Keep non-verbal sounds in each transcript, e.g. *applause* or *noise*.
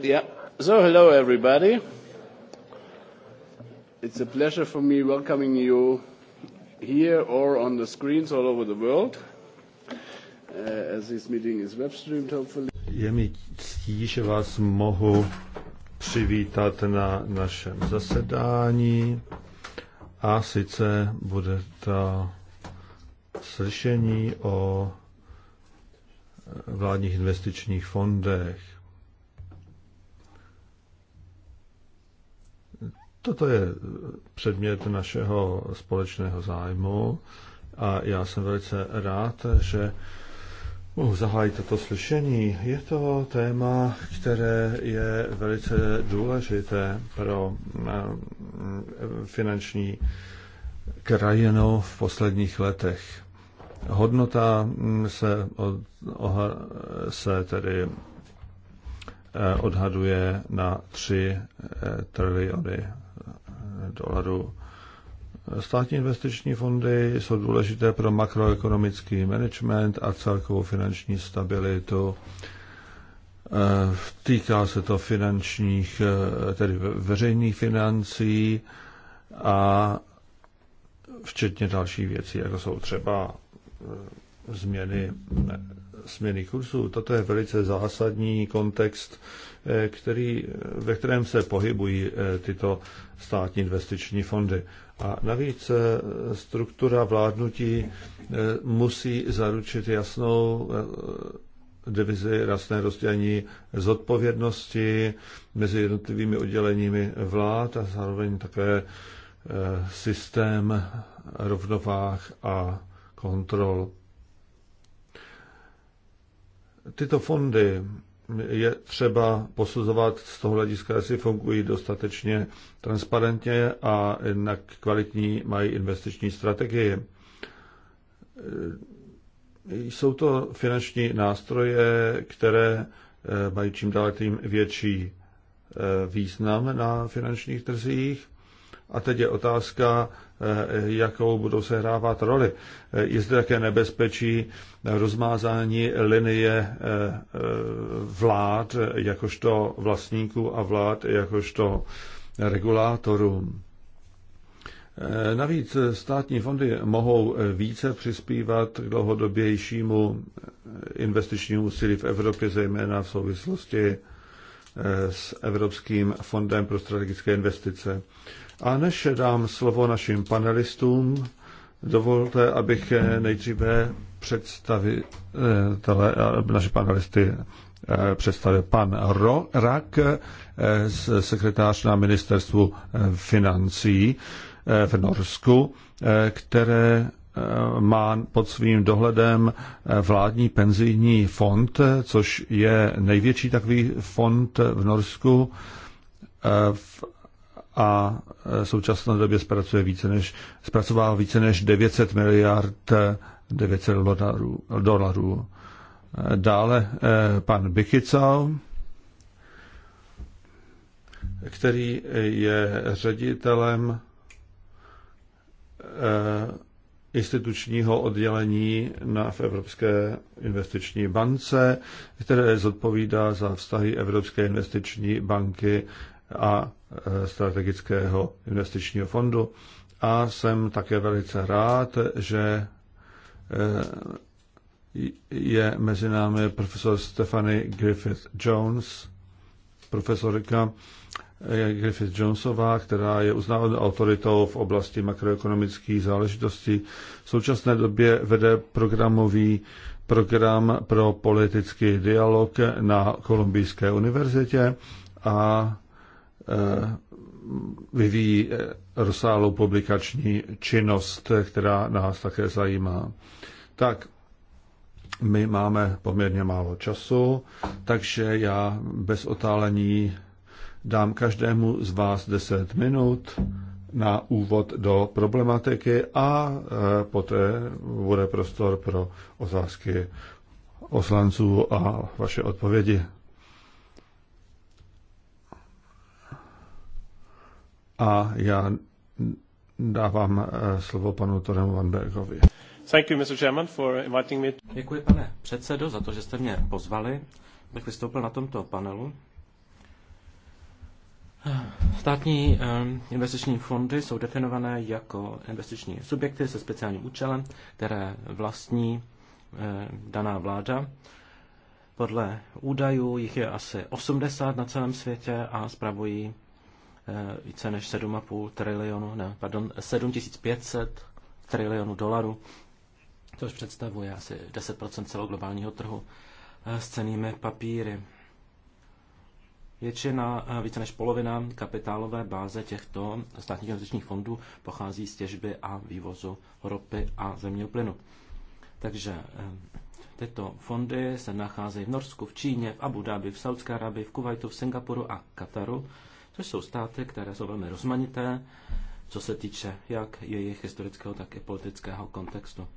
Yeah. So, hello, everybody. It's a pleasure for me welcoming you here or on the screens all over the world, uh, as this meeting is web streamed, hopefully. Je mi ctí, že vás mohu přivítat na našem zasedání a sice bude to slyšení o vládních investičních fondech. Toto je předmět našeho společného zájmu a já jsem velice rád, že mohu zahájit toto slyšení. Je to téma, které je velice důležité pro eh, finanční krajinu v posledních letech. Hodnota mm, se, od, oha, se tedy eh, odhaduje na 3 eh, triliony eh, dolarů. Státní investiční fondy jsou důležité pro makroekonomický management a celkovou finanční stabilitu. Týká se to finančních, tedy veřejných financí a včetně dalších věcí, jako jsou třeba E, změny, e, změny kursu. Toto je velice zásadní kontext, e, který, ve kterém se pohybují tyto státní investiční fondy. A navíc struktura vládnutí musí zaručit jasnou divizi rasné rozdělení zodpovědnosti mezi jednotlivými odděleními vlád a zároveň také systém rovnovách a kontrol. Tyto fondy je třeba posuzovat z toho hlediska, jestli fungují dostatečně transparentně a jednak kvalitní mají investiční strategii. Jsou to finanční nástroje, které eh, mají čím dál tím větší eh, význam na finančních trzích. A teď je otázka, Eh, jakou budou sehrávat roli. Eh, je zde také nebezpečí rozmázání linie eh, vlád jakožto vlastníků a vlád jakožto regulátorů. Navíc státní fondy mohou více přispívat k dlouhodobějšímu investičnímu úsilí v Evropě, zejména v souvislosti s Evropským fondem pro strategické investice. A než dám slovo našim panelistům, dovolte, abych nejdříve představitele, eh, naše panelisty eh, představil pan Rak, eh, sekretář na ministerstvu financí v Norsku, které má pod svým dohledem vládní penzijní fond, což je největší takový fond v Norsku a e, v současné době zpracuje více než, zpracová více než 900 miliard 900 e, dolarů. dolarů. E, dále pan Bikical, který je ředitelem institučního oddělení na, v Evropské investiční bance, které zodpovídá za vztahy Evropské investiční banky a e, strategického investičního fondu. A jsem také velice rád, že e, je mezi námi profesor Stephanie Griffith Jones, profesorka e, Griffith Jonesová, která je uznávanou autoritou v oblasti makroekonomických záležitostí. V současné době vede programový program pro politický dialog na Kolumbijské univerzitě a Eh, vyvíjí eh, rozsáhlou publikační činnost, která nás také zajímá. Tak, my máme poměrně málo času, takže já bez otálení dám každému z vás 10 minut na úvod do problematiky a eh, poté bude prostor pro otázky oslanců a vaše odpovědi. A já dávám eh, slovo panu Toremu Bergovi. Thank you, Mr. Chairman, for inviting me. Děkuji, pane předsedo, za to, že jste mě pozvali, abych vystoupil na tomto panelu. Státní eh, investiční fondy jsou definované jako investiční subjekty se speciálním účelem, které vlastní eh, daná vláda. Podle údajů jich je asi 80 na celém světě a spravují Eh, více než 7,5 trilionu, ne, pardon, 7500 trilionů dolarů, což představuje asi 10% celoglobálního trhu eh, s cenými papíry. Většina, eh, více než polovina kapitálové báze těchto státních investičních fondů pochází z těžby a vývozu ropy a zemního plynu. Takže tyto fondy se nacházejí v Norsku, v Číně, v Abu Dhabi, v Saudské Arabii, v Kuwaitu, v Singapuru a Kataru což jsou státy, které jsou velmi rozmanité, co se týče jak jejich historického, tak i politického kontextu.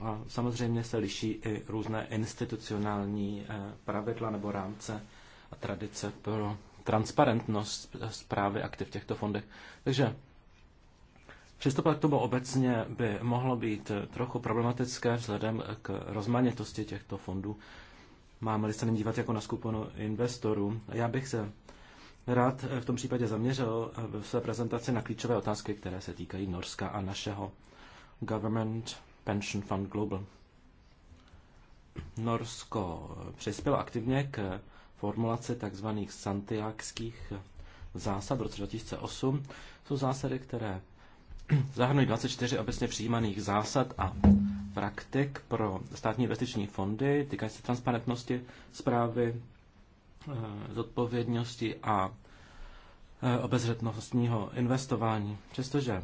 A samozřejmě se liší i různé institucionální eh, pravidla nebo rámce a tradice pro transparentnost zprávy aktiv v těchto fondech. Takže přistupovat k tomu obecně by mohlo být trochu problematické vzhledem k rozmanitosti těchto fondů. Máme-li se nyní dívat jako na skupinu investorů. Já bych se rád v tom případě zaměřil eh, v své prezentaci na klíčové otázky, které se týkají Norska a našeho Government Pension Fund Global. Norsko eh, přispělo aktivně k formulaci tzv. santiákských zásad v roce 2008. Jsou zásady, které *clears throat* zahrnují 24 obecně přijímaných zásad a praktik pro státní investiční fondy, týkají se transparentnosti, zprávy, Eh, zodpovědnosti a eh, obezřetnostního investování. Přestože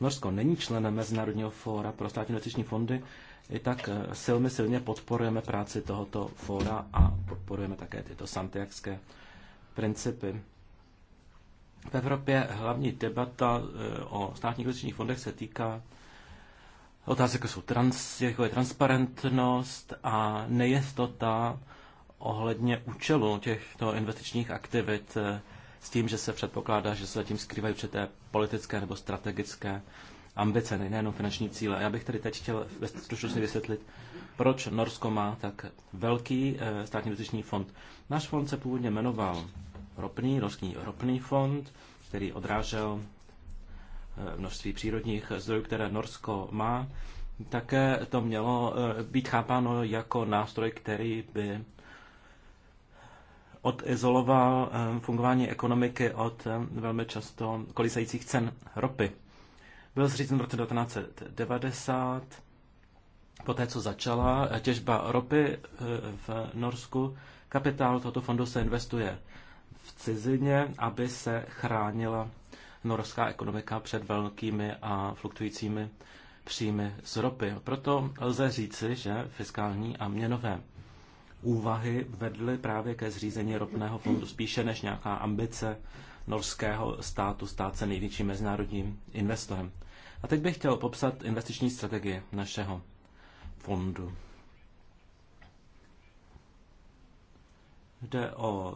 Norsko není členem Mezinárodního fóra pro státní investiční fondy, i tak eh, silmi silně podporujeme práci tohoto fóra a podporujeme také tyto santiakské principy. V Evropě hlavní debata o státních investičních fondech se týká otázek, jako, jsou trans, jako je transparentnost a nejistota ohledně účelu těchto investičních aktivit eh, s tím, že se předpokládá, že se zatím skrývají určité politické nebo strategické ambice, nejenom finanční cíle. já bych tady teď chtěl ve stručnosti vysvětlit, proč Norsko má tak velký eh, státní investiční fond. Náš fond se původně jmenoval ropný, norský ropný fond, který odrážel eh, množství přírodních zdrojů, které Norsko má. Také to mělo být chápáno jako nástroj, který by odizoloval eh, fungování ekonomiky od eh, velmi často kolisajících cen ropy. Byl zřízen v roce 1990, poté co začala těžba ropy eh, v Norsku, kapitál tohoto fondu se investuje v cizině, aby se chránila norská ekonomika před velkými a fluktujícími příjmy z ropy. Proto lze říci, že fiskální a měnové úvahy vedly právě ke zřízení ropného fondu spíše než nějaká ambice norského státu stát se největším mezinárodním investorem. A teď bych chtěl popsat investiční strategii našeho fondu. Jde o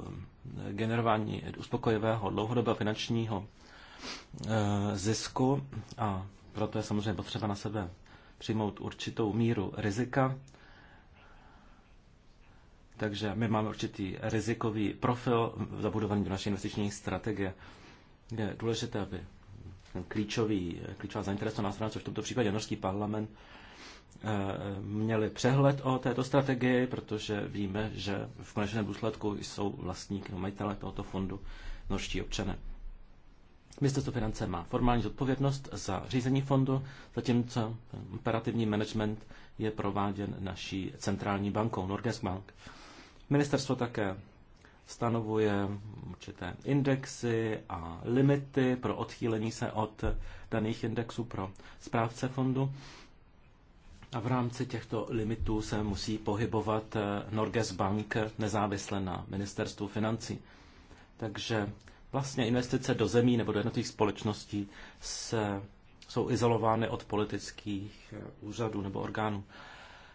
generování uspokojivého dlouhodobého finančního eh, zisku a proto je samozřejmě potřeba na sebe přijmout určitou míru rizika takže my máme určitý rizikový profil zabudovaný do naší investiční strategie. Je důležité, aby klíčový, klíčová zainteresovaná strana, což v tomto případě norský parlament, eh, měli přehled o této strategii, protože víme, že v konečném důsledku jsou vlastníky, majitele tohoto fondu norští občané. Ministerstvo finance má formální zodpovědnost za řízení fondu, zatímco operativní management je prováděn naší centrální bankou Norges Bank. Ministerstvo také stanovuje určité indexy a limity pro odchýlení se od daných indexů pro správce fondu. A v rámci těchto limitů se musí pohybovat Norges Bank nezávisle na ministerstvu financí. Takže vlastně investice do zemí nebo do jednotlivých společností se, jsou izolovány od politických úřadů nebo orgánů.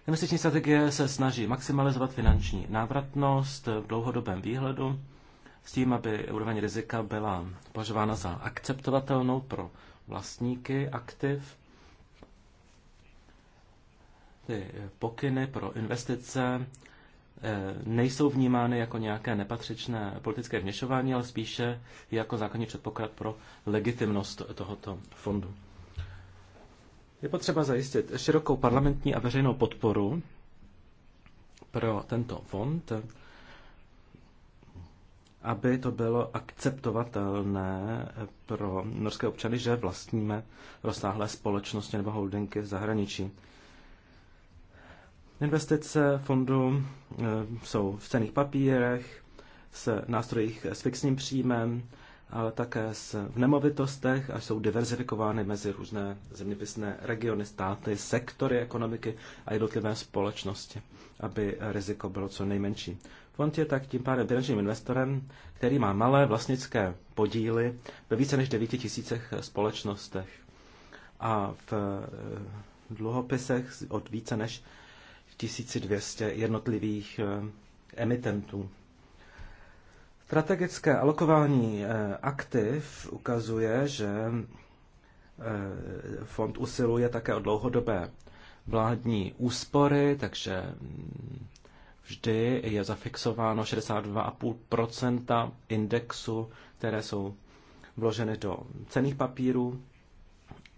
Investiční strategie se snaží maximalizovat finanční návratnost v dlouhodobém výhledu s tím, aby úroveň rizika byla považována za akceptovatelnou pro vlastníky aktiv. Ty pokyny pro investice eh, nejsou vnímány jako nějaké nepatřičné politické vněšování, ale spíše jako základní předpoklad pro legitimnost tohoto fondu. Je potřeba zajistit širokou parlamentní a veřejnou podporu pro tento fond, aby to bylo akceptovatelné pro norské občany, že vlastníme rozsáhlé společnosti nebo holdingy v zahraničí. Investice fondu eh, jsou v cených papírech, s nástrojích s fixním příjmem, ale také v nemovitostech a jsou diverzifikovány mezi různé zeměpisné regiony, státy, sektory ekonomiky a jednotlivé společnosti, aby riziko bylo co nejmenší. Fond je tak tím pádem finančním investorem, který má malé vlastnické podíly ve více než 9 tisícech společnostech a v eh, dluhopisech od více než 1200 jednotlivých eh, emitentů. Strategické alokování eh, aktiv ukazuje, že eh, fond usiluje také o dlouhodobé vládní úspory, takže mm, vždy je zafixováno 62,5 indexu, které jsou vloženy do cených papírů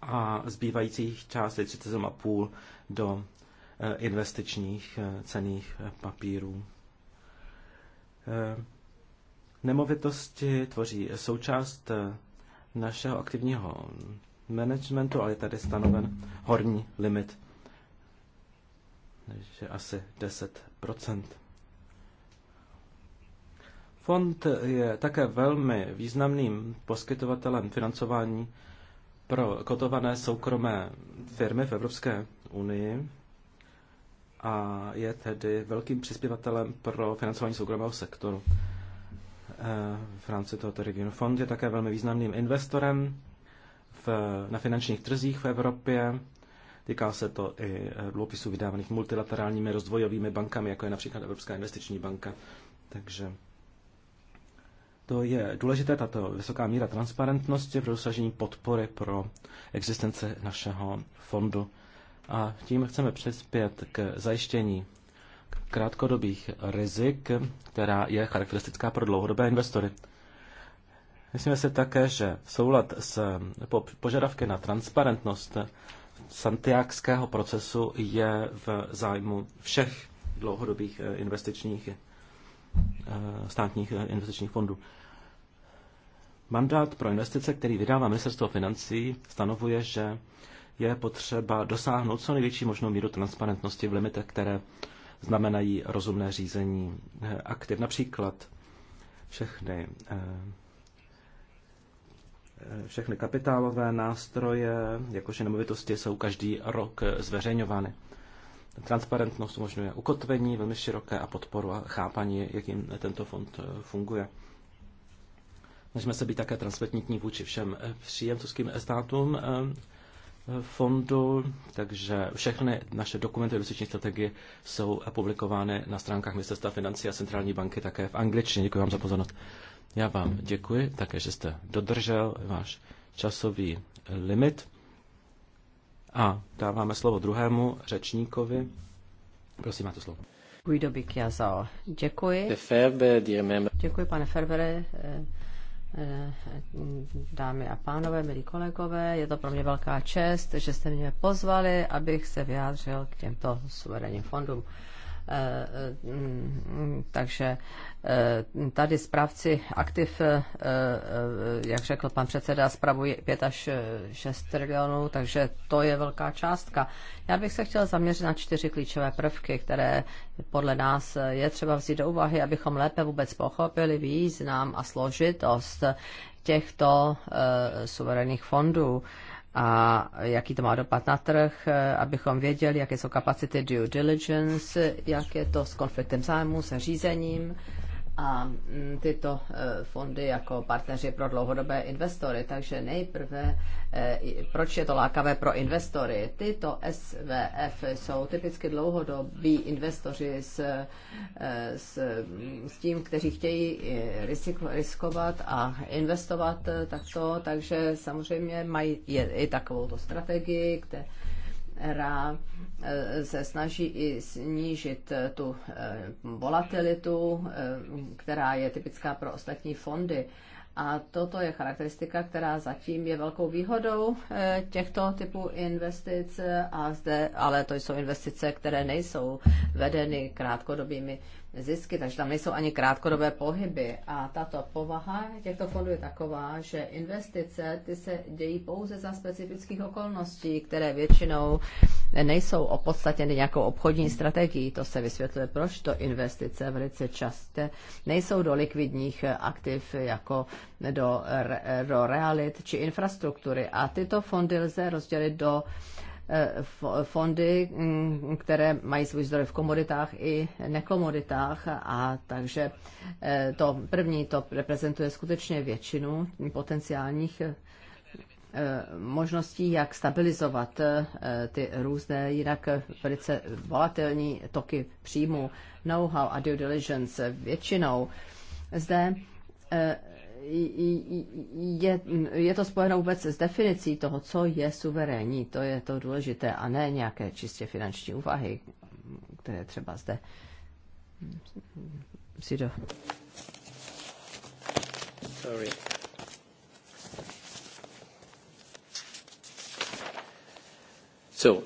a zbývajících částí 37,5 do eh, investičních cených papírů. Nemovitosti tvoří součást eh, našeho aktivního managementu, ale je tady stanoven horní limit, takže asi 10 Fond je také velmi významným poskytovatelem financování pro kotované soukromé firmy v Evropské unii a je tedy velkým přispěvatelem pro financování soukromého sektoru. Eh, v rámci tohoto regionu. Fond je také velmi významným investorem v, na finančních trzích v Evropě. Týká se to i eh, dluhopisů vydávaných multilaterálními rozvojovými bankami, jako je například Evropská investiční banka. Takže to je důležité, tato vysoká míra transparentnosti pro dosažení podpory pro existence našeho fondu. A tím chceme přispět k zajištění krátkodobých rizik, která je charakteristická pro dlouhodobé investory. Myslíme si také, že soulad s požadavky na transparentnost santiagského procesu je v zájmu všech dlouhodobých eh, investičních eh, státních eh, investičních fondů. Mandát pro investice, který vydává Ministerstvo financí, stanovuje, že je potřeba dosáhnout co největší možnou míru transparentnosti v limitech, které znamenají rozumné řízení eh, aktiv. Například všechny eh, eh, všechny kapitálové nástroje, jakože nemovitosti, jsou každý rok zveřejňovány. Transparentnost umožňuje ukotvení velmi široké a podporu a chápaní, jakým tento fond funguje. Snažíme se být také transparentní vůči všem příjemcovským státům fondu, takže všechny naše dokumenty investiční strategie jsou publikovány na stránkách Ministerstva financí a Centrální banky také v angličtině. Děkuji vám za pozornost. Já vám děkuji také, že jste dodržel váš časový limit. A dáváme slovo druhému řečníkovi. Prosím, máte slovo. Děkuji. Děkuji, pane Ferbere. Eh, dámy a pánové, milí kolegové. Je to pro mě velká čest, že jste mě pozvali, abych se vyjádřil k těmto suverénním fondům takže eh, tady správci aktiv, eh, eh, jak řekl pan předseda, spravují 5 až 6 trilionů, takže to je velká částka. Já bych se chtěl zaměřit na čtyři klíčové prvky, které podle nás je třeba vzít do úvahy, abychom lépe vůbec pochopili význam a složitost těchto suverénních fondů a jaký to má dopad na trh, eh, abychom věděli, jaké jsou kapacity due diligence, jak je to s konfliktem zájmu, se řízením a mm, tyto e, fondy jako partneři pro dlouhodobé investory. Takže nejprve, e, proč je to lákavé pro investory? Tyto SVF jsou typicky dlouhodobí investoři s, e, s, s tím, kteří chtějí riskovat a investovat takto, takže samozřejmě mají i takovou strategii, které která eh, se snaží i snížit eh, tu eh, volatilitu, která je typická pro ostatní fondy. A toto je charakteristika, která zatím je velkou výhodou těchto typů investic, a zde, ale to jsou investice, které nejsou vedeny krátkodobými zisky, takže tam nejsou ani krátkodobé pohyby. A tato povaha těchto fondů je taková, že investice ty se dějí pouze za specifických okolností, které většinou nejsou opodstatněny nějakou obchodní strategií. To se vysvětluje, proč to investice velice časté nejsou do likvidních aktiv jako do, do realit či infrastruktury. A tyto fondy lze rozdělit do Eh, fondy, mm, které mají svůj zdroj v komoditách i nekomoditách a takže eh, to první to reprezentuje skutečně většinu potenciálních eh, možností, jak stabilizovat ty různé, jinak velice volatilní toky příjmu, know-how a due diligence většinou. Zde je, je to spojeno vůbec s definicí toho, co je suverénní. To je to důležité a ne nějaké čistě finanční úvahy, které třeba zde si do... Sorry. Uh,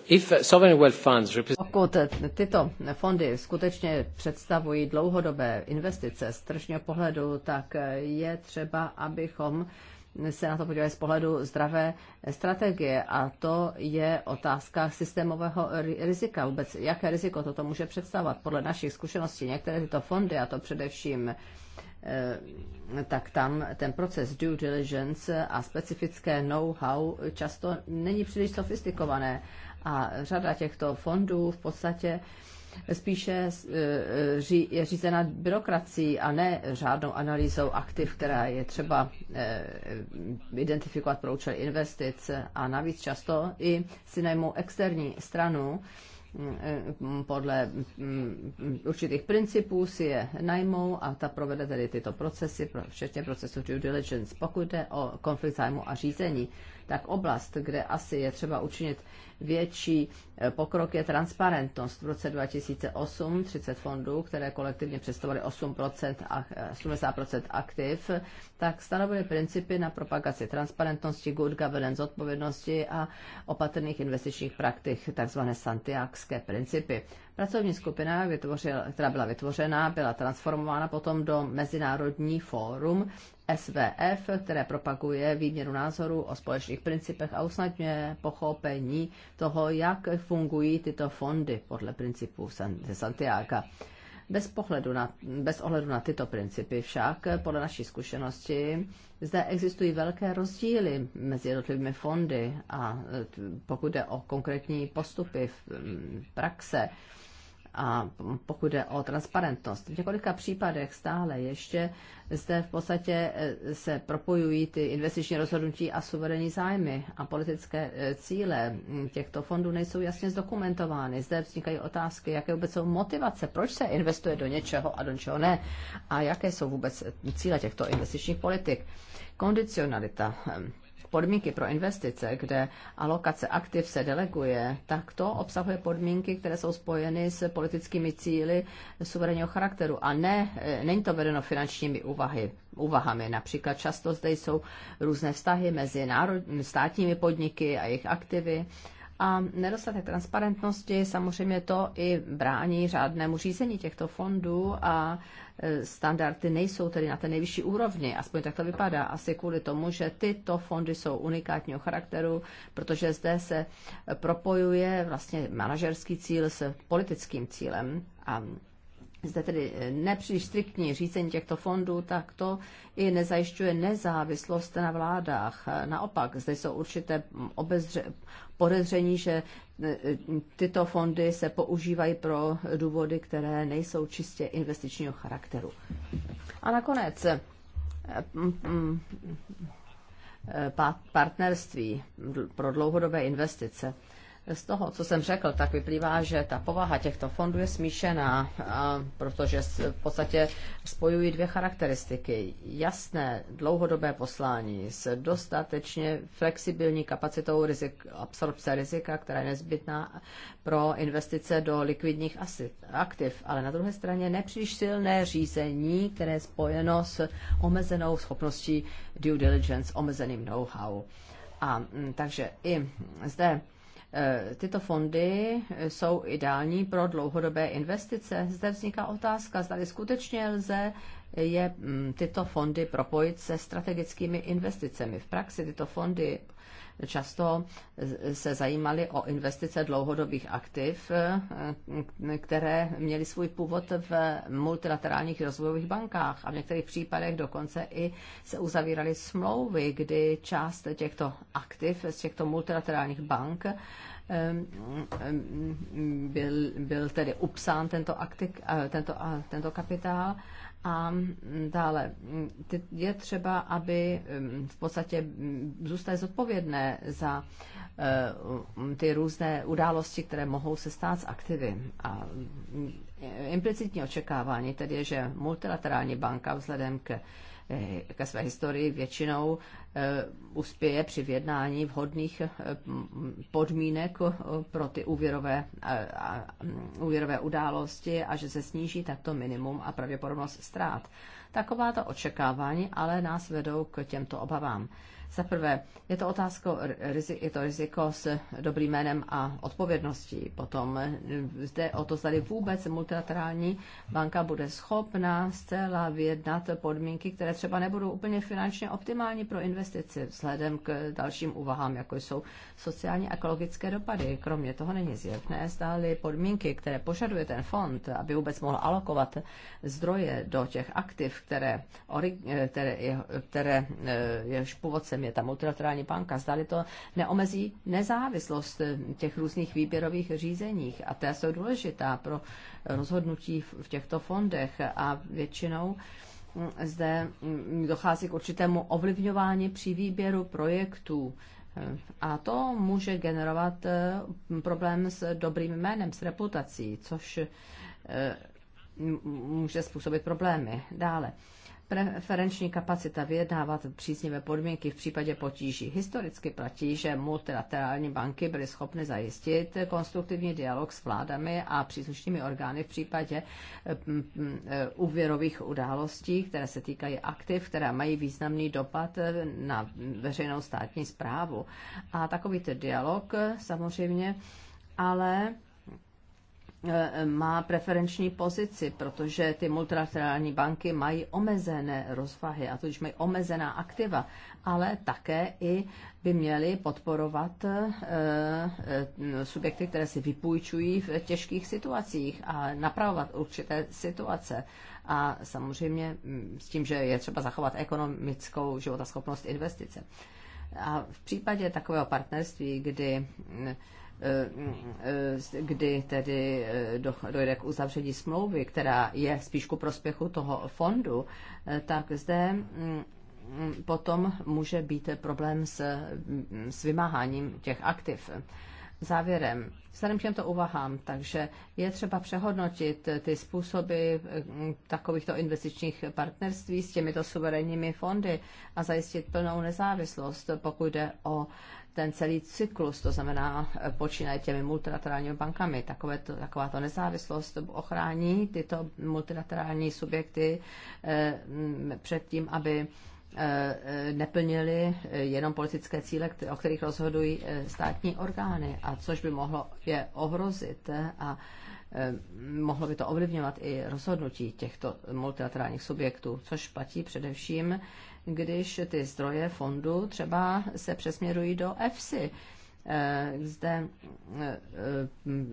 Pokud tyto fondy skutečně představují dlouhodobé investice z tržního pohledu, tak je třeba, abychom se na to podívali z pohledu zdravé strategie a to je otázka systémového rizika. Vůbec jaké riziko toto může představovat? Podle našich zkušeností některé tyto fondy, a to především Eh, tak tam ten proces due diligence a specifické know-how často není příliš sofistikované. A řada těchto fondů v podstatě spíše eh, je řízena byrokracií a ne řádnou analýzou aktiv, která je třeba eh, identifikovat pro účel investic. A navíc často i si najmou externí stranu, podle mm, určitých principů si je najmou a ta provede tedy tyto procesy, včetně procesu due diligence. Pokud jde o konflikt zájmu a řízení, tak oblast, kde asi je třeba učinit větší eh, pokrok, je transparentnost. V roce 2008 30 fondů, které kolektivně představovaly 8% a eh, aktiv, tak stanovily principy na propagaci transparentnosti, good governance, odpovědnosti a opatrných investičních praktik, takzvané santiagské principy. Pracovní skupina, která byla vytvořena, byla transformována potom do Mezinárodní fórum SVF, které propaguje výměnu názoru o společných principech a usnadňuje pochopení toho, jak fungují tyto fondy podle principů ze Santiago. Bez, pohledu na, bez ohledu na tyto principy však, podle naší zkušenosti, zde existují velké rozdíly mezi jednotlivými fondy a pokud jde o konkrétní postupy v praxe, a pokud jde o transparentnost. V několika případech stále ještě zde v podstatě eh, se propojují ty investiční rozhodnutí a suverénní zájmy a politické eh, cíle mm, těchto fondů nejsou jasně zdokumentovány. Zde vznikají otázky, jaké vůbec jsou motivace, proč se investuje do něčeho a do něčeho ne a jaké jsou vůbec cíle těchto investičních politik. Kondicionalita ehm, podmínky pro investice, kde alokace aktiv se deleguje, tak to obsahuje podmínky, které jsou spojeny s politickými cíly suverénního charakteru a ne, eh, není to vedeno finančními úvahy, úvahami. Například často zde jsou různé vztahy mezi národ, státními podniky a jejich aktivy. A nedostatek transparentnosti samozřejmě to i brání řádnému řízení těchto fondů a Eh, standardy nejsou tedy na té nejvyšší úrovni, aspoň tak to vypadá, asi kvůli tomu, že tyto fondy jsou unikátního charakteru, protože zde se propojuje vlastně manažerský cíl s politickým cílem a zde tedy eh, nepříliš striktní řízení těchto fondů, tak to i nezajišťuje nezávislost na vládách. Naopak, zde jsou určité obezře, podezření, že e, e, tyto fondy se používají pro důvody, které nejsou čistě investičního charakteru. A nakonec e, partnerství pro dlouhodobé investice. Z toho, co jsem řekl, tak vyplývá, že ta povaha těchto fondů je smíšená, protože v podstatě spojují dvě charakteristiky. Jasné dlouhodobé poslání s dostatečně flexibilní kapacitou rizik, absorpce rizika, která je nezbytná pro investice do likvidních aktiv, ale na druhé straně nepříliš silné řízení, které je spojeno s omezenou schopností due diligence, omezeným know-how. A mm, takže i zde Eh, tyto fondy eh, jsou ideální pro dlouhodobé investice. Zde vzniká otázka, zda skutečně lze eh, je mm, tyto fondy propojit se strategickými investicemi. V praxi tyto fondy často se zajímali o investice dlouhodobých aktiv, které měly svůj původ v multilaterálních rozvojových bankách a v některých případech dokonce i se uzavíraly smlouvy, kdy část těchto aktiv z těchto multilaterálních bank byl, byl tedy upsán tento, aktiv, tento, tento kapitál a dále je třeba, aby v podstatě zůstaly zodpovědné za eh, ty různé události, které mohou se stát z aktivy. A mm, implicitní očekávání tedy je, že multilaterální banka vzhledem k Eh, ke své historii většinou eh, uspěje při vyjednání vhodných eh, podmínek pro ty úvěrové, mm, úvěrové události a že se sníží takto minimum a pravděpodobnost ztrát. Takováto očekávání ale nás vedou k těmto obavám. Za prvé, je to otázka, je to riziko s dobrým jménem a odpovědností. Potom eh, zde o to, zda vůbec multilaterální banka bude schopna zcela vyjednat podmínky, které třeba nebudou úplně finančně optimální pro investici vzhledem k dalším úvahám, jako jsou sociální a ekologické dopady. Kromě toho není zjevné, zdáli podmínky, které požaduje ten fond, aby vůbec mohl alokovat zdroje do těch aktiv, které, eh, které, které eh, jež původce je tam multilaterální banka, zdali to neomezí nezávislost eh, těch různých výběrových řízeních. A ta jsou důležitá pro rozhodnutí v těchto fondech a většinou mm, zde mm, dochází k určitému ovlivňování při výběru projektů. Eh, a to může generovat eh, problém s dobrým jménem, s reputací, což může způsobit problémy. Dále preferenční kapacita vyjednávat příznivé podmínky v případě potíží. Historicky platí, že multilaterální banky byly schopny zajistit konstruktivní dialog s vládami a příslušnými orgány v případě mm, mm, úvěrových událostí, které se týkají aktiv, které mají významný dopad na veřejnou státní zprávu. A takovýto dialog samozřejmě ale E, má preferenční pozici, protože ty multilaterální banky mají omezené rozvahy a tudíž mají omezená aktiva, ale také i by měly podporovat e, e, subjekty, které si vypůjčují v těžkých situacích a napravovat určité situace. A samozřejmě s tím, že je třeba zachovat ekonomickou životaschopnost investice. A v případě takového partnerství, kdy Eh, kdy tedy eh, dojde k uzavření smlouvy, která je spíš ku prospěchu toho fondu, eh, tak zde mm, mm, potom může být problém s, mm, s vymáháním těch aktiv. Závěrem, vzhledem k těmto uvahám, takže je třeba přehodnotit ty způsoby takovýchto investičních partnerství s těmito suverénními fondy a zajistit plnou nezávislost, pokud jde o ten celý cyklus, to znamená eh, počínaje těmi multilaterálními bankami. Takové to, taková to nezávislost ochrání tyto multilaterální subjekty eh, před tím, aby eh, neplnili jenom politické cíle, o kterých rozhodují státní orgány, a což by mohlo je ohrozit a mohlo by to ovlivňovat i rozhodnutí těchto multilaterálních subjektů, což platí především když ty zdroje fondu třeba se přesměrují do EFSI. Eh, zde, eh,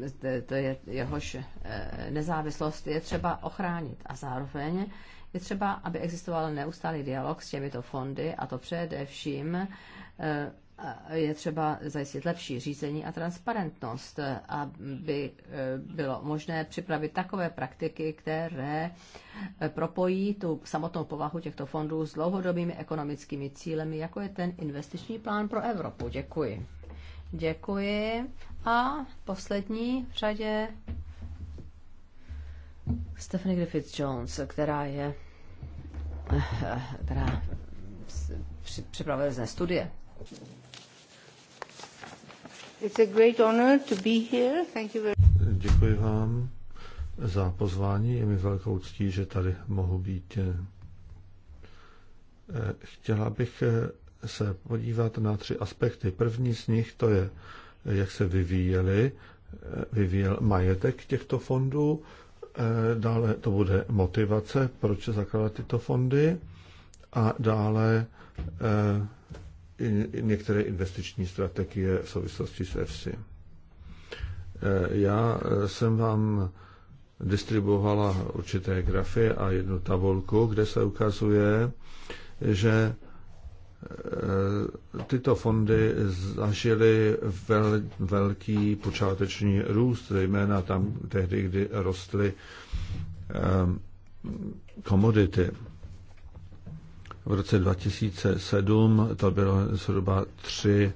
eh, zde to je, jehož nezávislost je třeba ochránit a zároveň je třeba, aby existoval neustálý dialog s těmito fondy a to především je třeba zajistit lepší řízení a transparentnost, aby e, bylo možné připravit takové praktiky, které e, propojí tu samotnou povahu těchto fondů s dlouhodobými ekonomickými cílemi, jako je ten investiční plán pro Evropu. Děkuji. Děkuji. A poslední v řadě Stephanie Griffith-Jones, která je e, která připravuje zde studie. It's a great honor to be here. Thank you very... Děkuji vám za pozvání. Je mi velkou ctí, že tady mohu být. Eh, chtěla bych eh, se podívat na tři aspekty. První z nich to je, eh, jak se vyvíjeli, vyvíjel majetek těchto fondů. Dále to bude motivace, proč zakládat tyto fondy. A dále některé investiční strategie v souvislosti s EFSI. Já jsem vám distribuovala určité grafy a jednu tabulku, kde se ukazuje, že e, tyto fondy zažily vel, velký počáteční růst, zejména tam tehdy, kdy rostly e, komodity. Um, v roce 2007 to bylo zhruba 3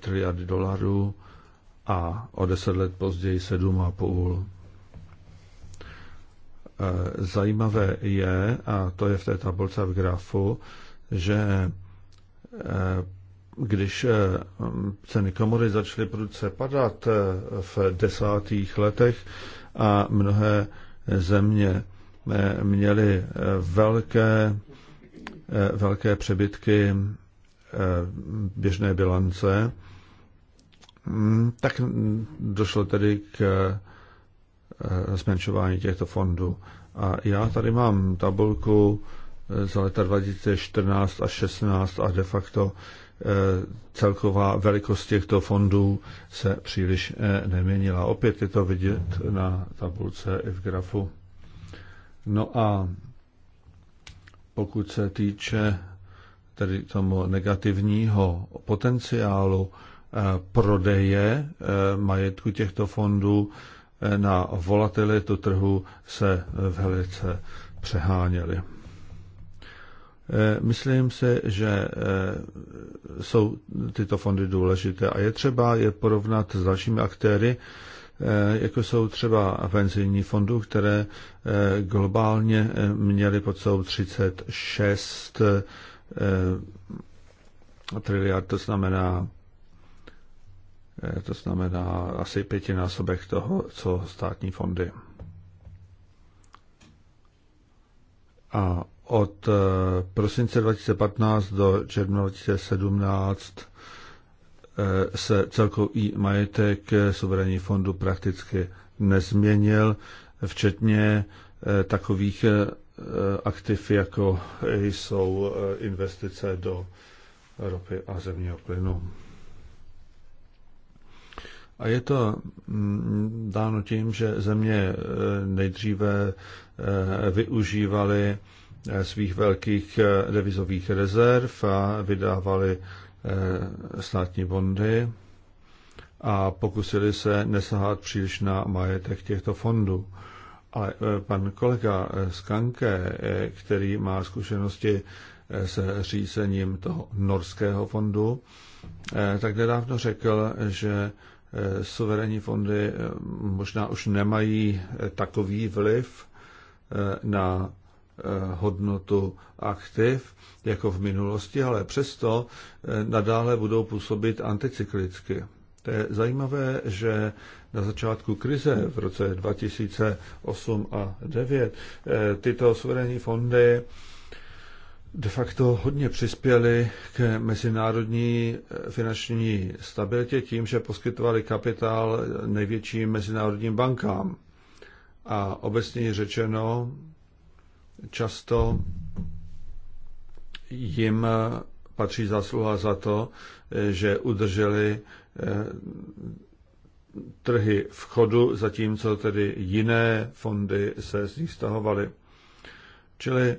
triliardy dolarů a o deset let později 7,5. Eh, zajímavé je, a to je v té tabulce v grafu, že eh, když eh, ceny komory začaly prudce padat v desátých letech a mnohé země měli eh, velké, eh, velké přebytky eh, běžné bilance, mm, tak došlo tedy k zmenšování těchto fondů. A já tady mám tabulku za leta 2014 a 16 a de facto celková velikost těchto fondů se příliš neměnila. Opět je to vidět na tabulce i v grafu. No a pokud se týče tedy tomu negativního potenciálu eh, prodeje eh, majetku těchto fondů eh, na volatilitu trhu se velice přeháněly. Myslím si, že jsou tyto fondy důležité a je třeba je porovnat s dalšími aktéry, Eh, jako jsou třeba penzijní fondů, které eh, globálně eh, měly pod sebou 36 triliard, to znamená to znamená asi pětinásobek toho, co státní fondy. A od prosince 2015 do června 2017 Eh, se celkový majetek eh, suverénní fondu prakticky nezměnil, včetně eh, takových aktiv, jako jsou investice do ropy a zemního plynu. A je to mm, dáno tím, že země nejdříve využívaly svých velkých devizových rezerv a vydávali Eh, státní bondy a pokusili se nesahat příliš na majetek těchto fondů. Ale eh, pan kolega eh, Skanke, který má zkušenosti s řízením toho norského fondu, tak nedávno řekl, že suverénní fondy možná už nemají takový vliv na Eh, hodnotu aktiv jako v minulosti, ale přesto eh, nadále budou působit anticyklicky. To je zajímavé, že na začátku krize v roce 2008 a 2009 eh, tyto suverénní fondy de facto hodně přispěly k mezinárodní finanční stabilitě tím, že poskytovali kapitál největším mezinárodním bankám. A obecně řečeno, Často jim patří zasluha za to, že udrželi eh, trhy v chodu, zatímco tedy jiné fondy se z nich stahovaly. Čili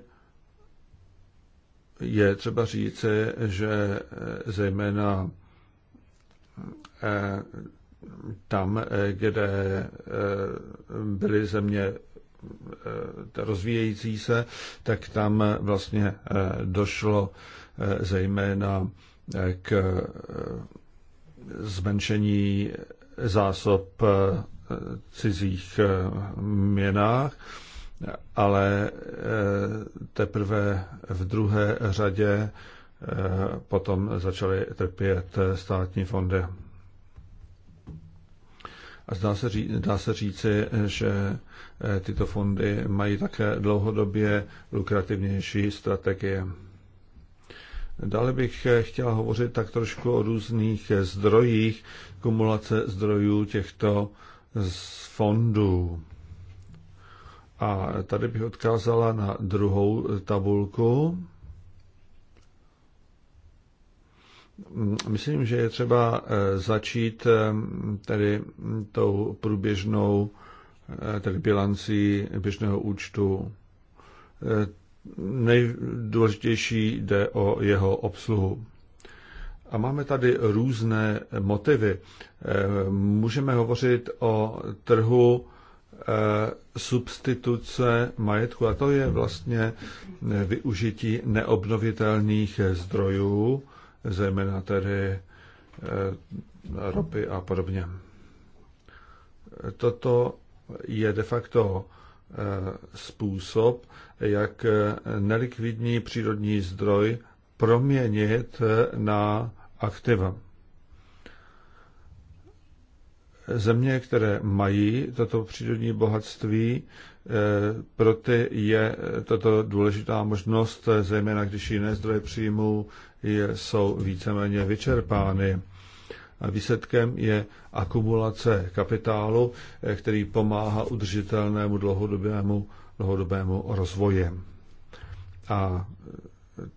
je třeba říci, že eh, zejména eh, tam, kde byly země rozvíjející se, tak tam vlastně eh, došlo eh, zejména eh, k zmenšení zásob cizích měnách, ale teprve v druhé řadě potom začaly trpět státní fondy a dá se, ří, dá se říci, že eh, tyto fondy mají také dlouhodobě lukrativnější strategie. Dále bych eh, chtěla hovořit tak trošku o různých eh, zdrojích, kumulace zdrojů těchto fondů. A tady bych odkázala na druhou tabulku. Myslím, že je třeba eh, začít eh, tedy tou průběžnou eh, tedy bilancí běžného účtu. Nejdůležitější jde o jeho obsluhu. A máme tady různé motivy. Můžeme hovořit o trhu substituce majetku, a to je vlastně využití neobnovitelných zdrojů, zejména tedy eh, ropy a podobně. Toto je de facto eh, způsob, jak eh, nelikvidní přírodní zdroj proměnit na aktiva. Země, které mají toto přírodní bohatství, pro ty je tato důležitá možnost, zejména když jiné zdroje příjmů jsou víceméně vyčerpány. Výsledkem je akumulace kapitálu, který pomáhá udržitelnému dlouhodobému, dlouhodobému rozvoji. A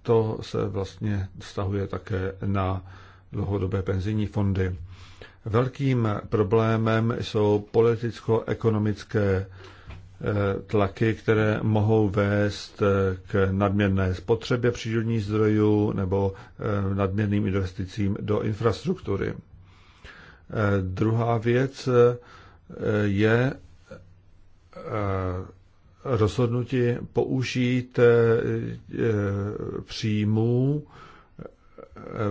to se vlastně vztahuje také na dlouhodobé penzijní fondy. Velkým problémem jsou politicko-ekonomické Eh, tlaky, které mohou vést eh, k nadměrné spotřebě přírodních zdrojů nebo eh, nadměrným investicím do infrastruktury. Druhá věc je rozhodnutí použít příjmů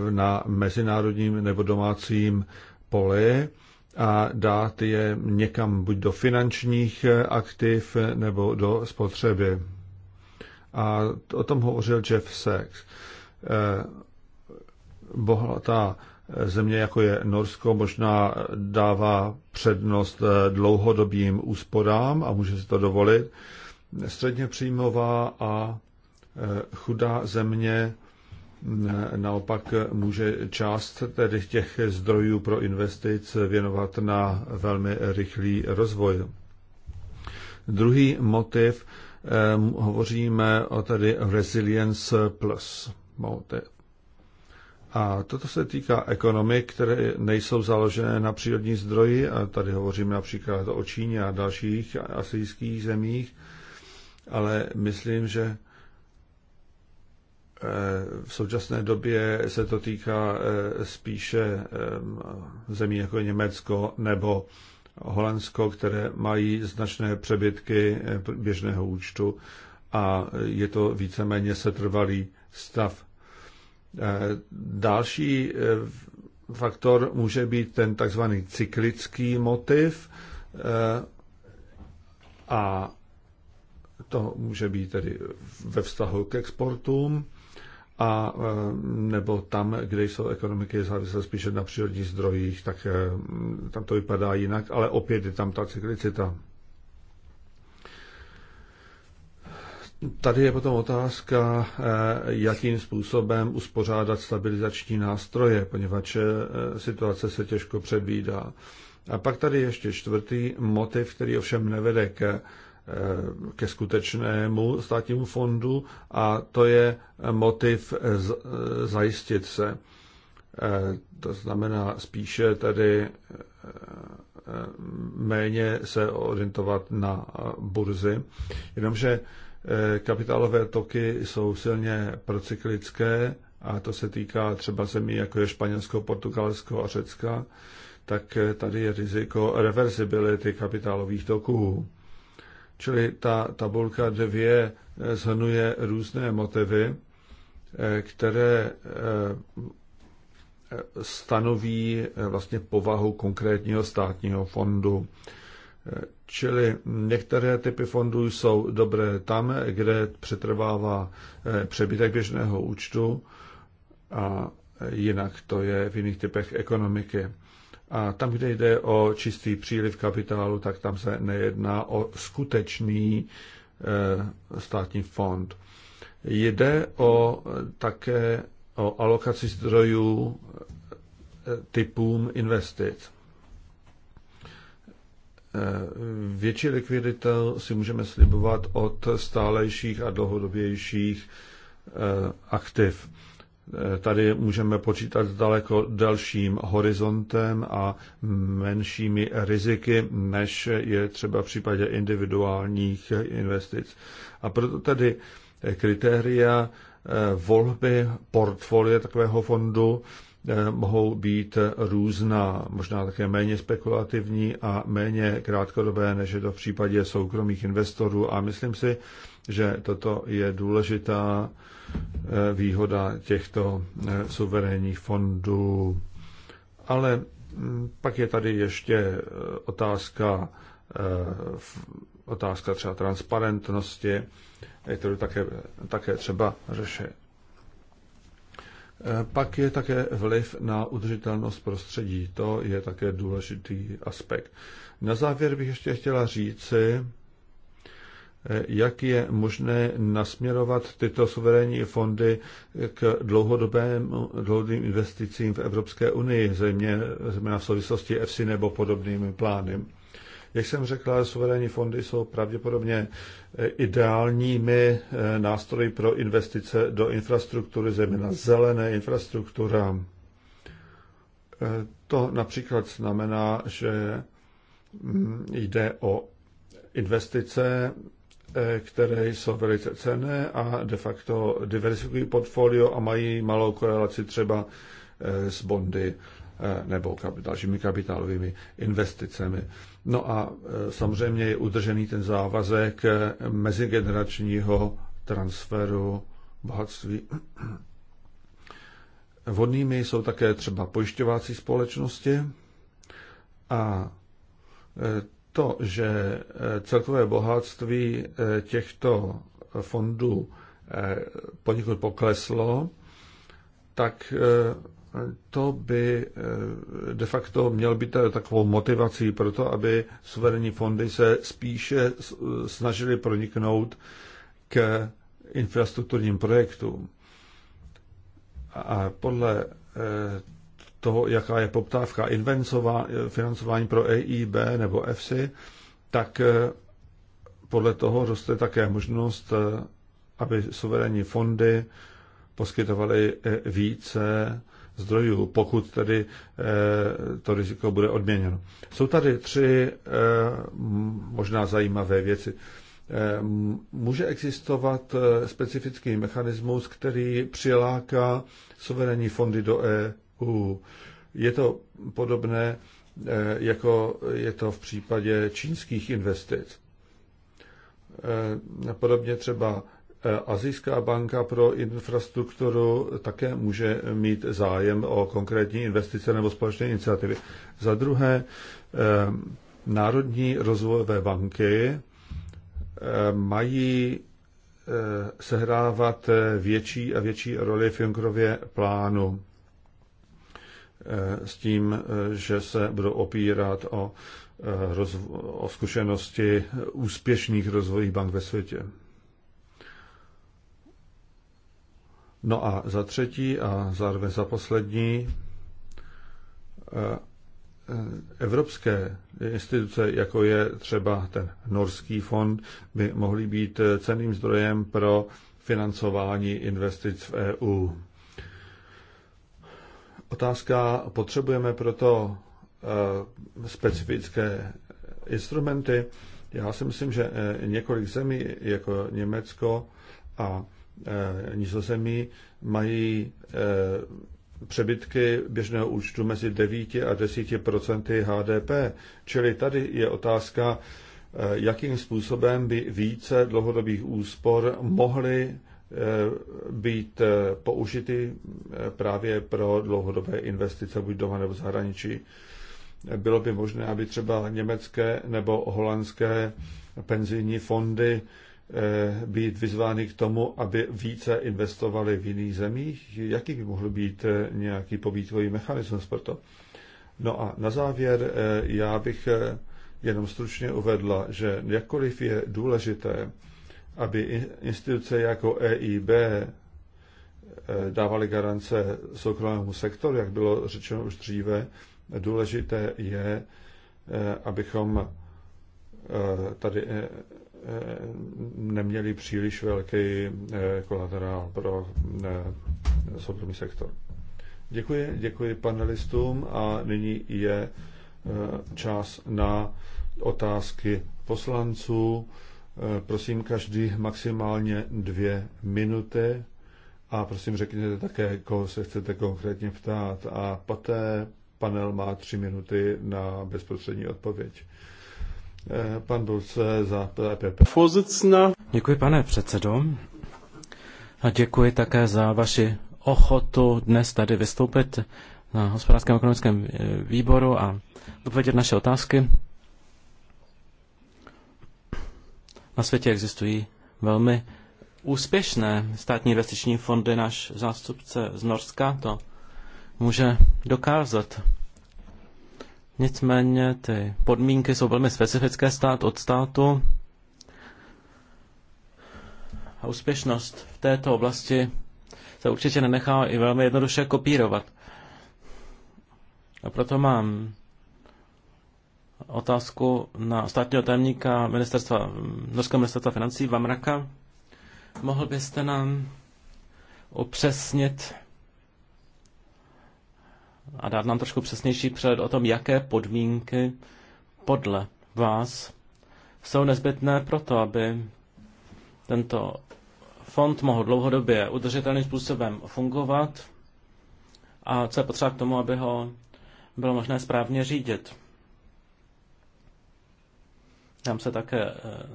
na mezinárodním nebo domácím poli a dát je někam buď do finančních eh, aktiv eh, nebo do spotřeby. A o tom hovořil Jeff Sachs. Eh, bohatá země, jako je Norsko, možná dává přednost dlouhodobým úsporám a může si to dovolit. Středně příjmová a chudá země Naopak může část tedy těch zdrojů pro investic věnovat na velmi rychlý rozvoj. Druhý motiv, eh, hovoříme o tedy Resilience Plus motiv. A toto se týká ekonomik, které nejsou založené na přírodní zdroji, a tady hovoříme například o Číně a dalších asijských zemích, ale myslím, že Eh, v současné době se to týká eh, spíše eh, zemí jako Německo nebo Holandsko, které mají značné přebytky běžného účtu a je to víceméně setrvalý stav. Další faktor může být ten takzvaný cyklický motiv a to může být tedy ve vztahu k exportům a eh, nebo tam, kde jsou ekonomiky závislé spíše na přírodních zdrojích, tak eh, tam to vypadá jinak, ale opět je tam ta cyklicita. Tady je potom otázka, eh, jakým způsobem uspořádat stabilizační nástroje, poněvadž situace se těžko předvídá. A pak tady ještě čtvrtý motiv, který ovšem nevede ke Eh, ke skutečnému státnímu fondu a to je motiv eh, eh, zajistit se. To znamená spíše tedy méně se orientovat na burzy, jenomže kapitálové toky jsou silně procyklické a to se týká třeba zemí jako je Španělsko, Portugalsko a Řecka, tak tady je riziko reversibility kapitálových toků. Čili ta tabulka 2 zhrnuje eh, různé motivy, eh, které eh, stanoví vlastně povahu konkrétního státního fondu. Čili některé typy fondů jsou dobré tam, kde přetrvává přebytek běžného účtu a jinak to je v jiných typech ekonomiky. A tam, kde jde o čistý příliv kapitálu, tak tam se nejedná o skutečný eh, státní fond. Jde o také o alokaci zdrojů eh, typům investic. Eh, větší likviditu si můžeme slibovat od stálejších a dlouhodobějších aktiv. Tady můžeme počítat s daleko delším horizontem a menšími riziky, než je třeba v případě individuálních investic. A proto tedy kritéria eh, volby portfolie takového fondu eh, mohou být různá, možná také méně spekulativní a méně krátkodobé, než je to v případě soukromých investorů. A myslím si, že toto je důležitá Eh, výhoda těchto eh, suverénních fondů. Ale hm, pak je tady ještě eh, otázka, otázka třeba transparentnosti, kterou také, také třeba řeší. Pak je také vliv na udržitelnost prostředí. To je také důležitý aspekt. Na závěr bych ještě chtěla říci, jak je možné nasměrovat tyto suverénní fondy k dlouhodobým, dlouhodobým investicím v Evropské unii, zejména v souvislosti EFSI nebo podobnými plány. Jak jsem řekla, suverénní fondy jsou pravděpodobně eh, ideálními eh, nástroji pro investice do infrastruktury, zejména zelené infrastruktura. Eh, to například znamená, že hm, jde o investice Eh, které jsou velice cené a de facto diversifikují portfolio a mají malou korelaci třeba eh, s bondy eh, nebo dalšími kapitálovými investicemi. No a samozřejmě je udržený ten závazek mezigeneračního transferu bohatství. *clears throat* Vodnými jsou také třeba pojišťovací společnosti a to, že eh, celkové bohatství eh, těchto fondů eh, poněkud pokleslo, tak to by de facto měl být takovou motivací pro to, aby suverénní fondy se spíše snažili proniknout k infrastrukturním projektům. A podle toho, jaká je poptávka financování pro EIB nebo EFSI, tak eh, podle toho roste také možnost, eh, aby suverénní fondy poskytovaly eh, více zdrojů, pokud tedy to riziko bude odměněno. Jsou tady tři možná zajímavé věci. Může existovat specifický mechanismus, který přiláká suverénní fondy do e Uh, Je to podobné, e, jako je to v případě čínských investic. E, podobně třeba e, Azijská banka pro infrastrukturu také může mít zájem o konkrétní investice nebo společné iniciativy. Za druhé, Národní rozvojové banky mají sehrávat větší a větší roli v plánu. Eh, s tím, eh, že se budou opírat o, eh, o zkušenosti úspěšných rozvojích bank ve světě. No a za třetí a zároveň za poslední, evropské instituce, jako je třeba ten Norský fond, by mohly být ceným zdrojem pro financování investic v EU. Otázka, potřebujeme proto eh, specifické instrumenty. Já si myslím, že eh, několik zemí, jako Německo a eh, Nizozemí, mají přebytky běžného účtu mezi 9 a 10 procenty HDP. Čili tady je otázka, jakým způsobem by více dlouhodobých úspor mohly Eh, být eh, použity eh, právě pro dlouhodobé investice buď doma nebo v zahraničí. Bylo by možné, aby třeba německé nebo holandské penzijní fondy být vyzvány k tomu, aby více investovali v jiných zemích? Jaký by mohl být nějaký pobítkový mechanismus pro to? No a na závěr já bych jenom stručně uvedla, že jakkoliv je důležité, aby instituce jako EIB eh, dávaly garance soukromému sektoru, jak bylo řečeno už dříve, důležité je, eh, abychom eh, tady neměli příliš velký kolaterál pro soukromý sektor. Děkuji, děkuji panelistům a nyní je čas na otázky poslanců. Eh, prosím každý maximálně dvě minuty a prosím řekněte také, koho se chcete konkrétně ptát. A poté panel má tři minuty na bezprostřední odpověď. Eh, pan Dulce za PPP. Děkuji, pane předsedo. A děkuji také za vaši ochotu dnes tady vystoupit na hospodářském ekonomickém eh, výboru a odpovědět naše otázky. Na světě existují velmi úspěšné státní investiční fondy. Náš zástupce z Norska to může dokázat. Nicméně ty podmínky jsou velmi specifické stát od státu a úspěšnost v této oblasti se určitě nenechá i velmi jednoduše kopírovat. A proto mám otázku na státního tajemníka ministerstva, Norského ministerstva financí Vamraka. Mohl byste nám upřesnit a dát nám trošku přesnější přehled o tom, jaké podmínky podle vás jsou nezbytné pro to, aby tento fond mohl dlouhodobě udržitelným způsobem fungovat a co je potřeba k tomu, aby ho bylo možné správně řídit. Tam se také eh,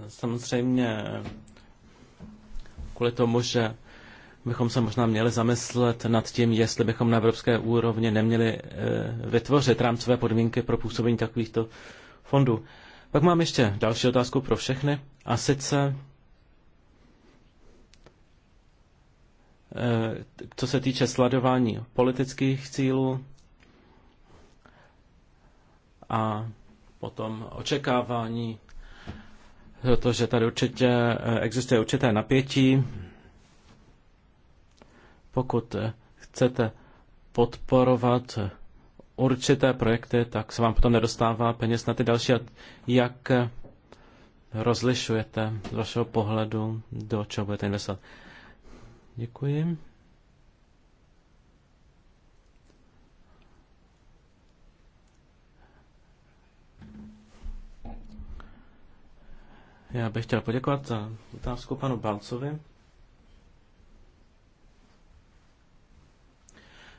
samozřejmě kvůli tomu, že bychom se možná měli zamyslet nad tím, jestli bychom na evropské úrovni neměli eh, vytvořit rámcové podmínky pro působení takovýchto fondů. Pak mám ještě další otázku pro všechny, a sice eh, co se týče sledování politických cílů a potom očekávání protože tady určitě eh, existuje určité napětí. Pokud eh, chcete podporovat eh, určité projekty, tak se vám potom nedostává peněz na ty další. Jak rozlišujete z vašeho pohledu, do čeho budete investovat? Děkuji. Já bych chtěl poděkovat za otázku panu Balcovi.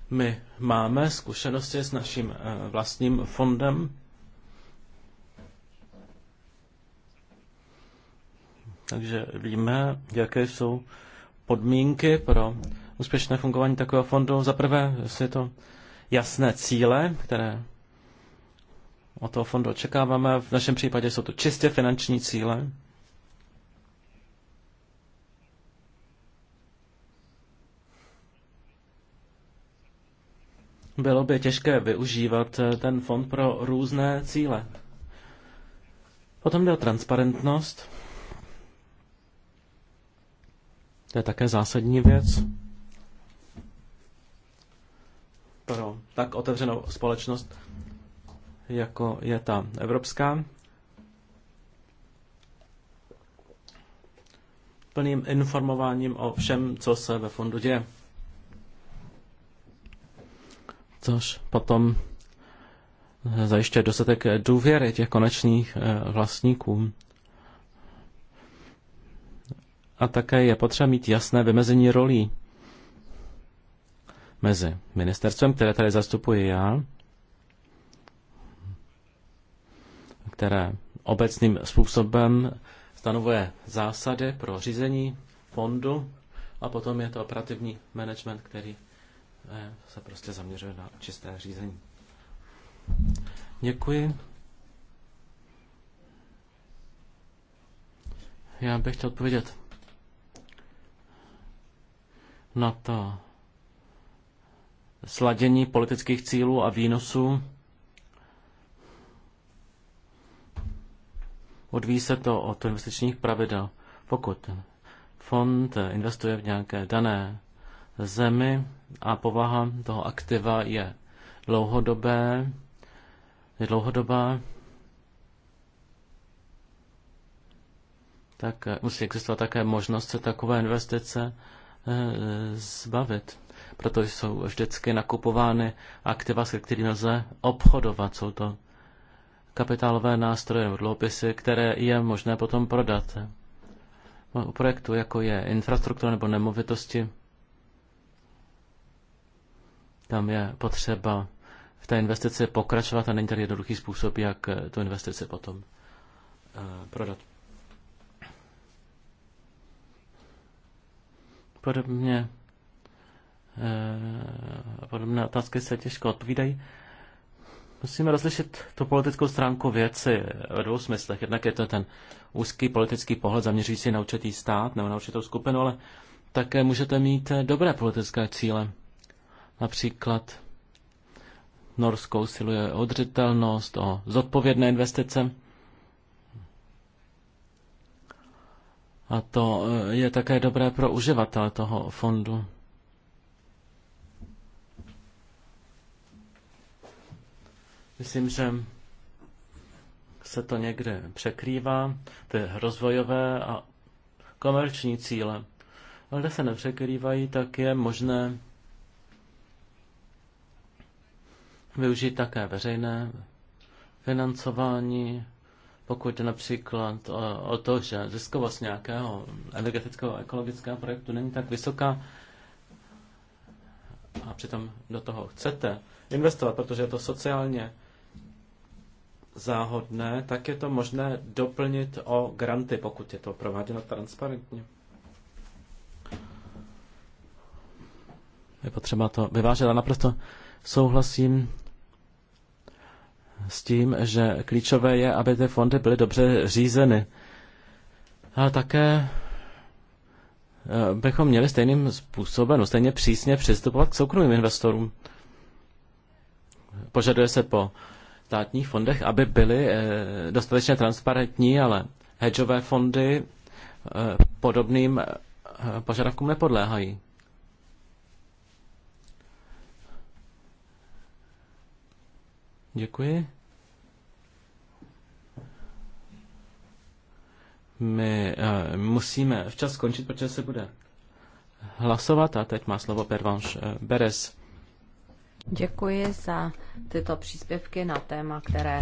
My máme zkušenosti s naším eh, vlastním fondem. Takže víme, jaké jsou podmínky pro úspěšné fungování takového fondu. Za prvé, jestli je to jasné cíle, které od toho fondu očekáváme. V našem případě jsou to čistě finanční cíle. bylo by těžké využívat eh, ten fond pro různé cíle. Potom jde o transparentnost. To je také zásadní věc. Pro tak otevřenou společnost, jako je ta evropská. Plným informováním o všem, co se ve fondu děje což potom eh, zajišťuje dostatek důvěry těch konečných eh, vlastníků. A také je potřeba mít jasné vymezení rolí mezi ministerstvem, které tady zastupuji já, které obecným způsobem stanovuje zásady pro řízení fondu a potom je to operativní management, který se prostě zaměřuje na čisté řízení. Děkuji. Já bych chtěl odpovědět na to sladění politických cílů a výnosů. Odvíjí se to od investičních pravidel. Pokud fond investuje v nějaké dané zemi a povaha toho aktiva je dlouhodobé, je dlouhodobá, tak musí existovat také možnost se takové investice eh, zbavit. Proto jsou vždycky nakupovány aktiva, se kterými lze obchodovat. Jsou to kapitálové nástroje, dloupisy, které je možné potom prodat. U projektu, jako je infrastruktura nebo nemovitosti, tam je potřeba v té investici pokračovat a není tady jednoduchý způsob, jak tu investici potom eh, prodat. Podobně eh, podobné otázky se těžko odpovídají. Musíme rozlišit tu politickou stránku věci ve dvou smyslech. Jednak je to ten úzký politický pohled zaměřující na určitý stát nebo na určitou skupinu, ale také můžete mít eh, dobré politické cíle. Například Norsko usiluje o odřetelnost, o zodpovědné investice. A to eh, je také dobré pro uživatele toho fondu. Myslím, že se to někde překrývá, ty rozvojové a komerční cíle. Ale kde se nepřekrývají, tak je možné využít také veřejné financování, pokud například o, eh, o to, že ziskovost nějakého energetického a ekologického projektu není tak vysoká a přitom do toho chcete investovat, protože je to sociálně záhodné, tak je to možné doplnit o granty, pokud je to prováděno transparentně. Je potřeba to vyvážet, a naprosto souhlasím s tím, že klíčové je, aby ty fondy byly dobře řízeny. a také eh, bychom měli stejným způsobem, no stejně přísně přistupovat k soukromým investorům. Požaduje se po státních fondech, aby byly eh, dostatečně transparentní, ale hedžové fondy eh, podobným požadavkům nepodléhají. Děkuji. My uh, musíme včas skončit, protože se bude hlasovat a teď má slovo Pervanš eh, Beres. Děkuji za tyto příspěvky na téma, které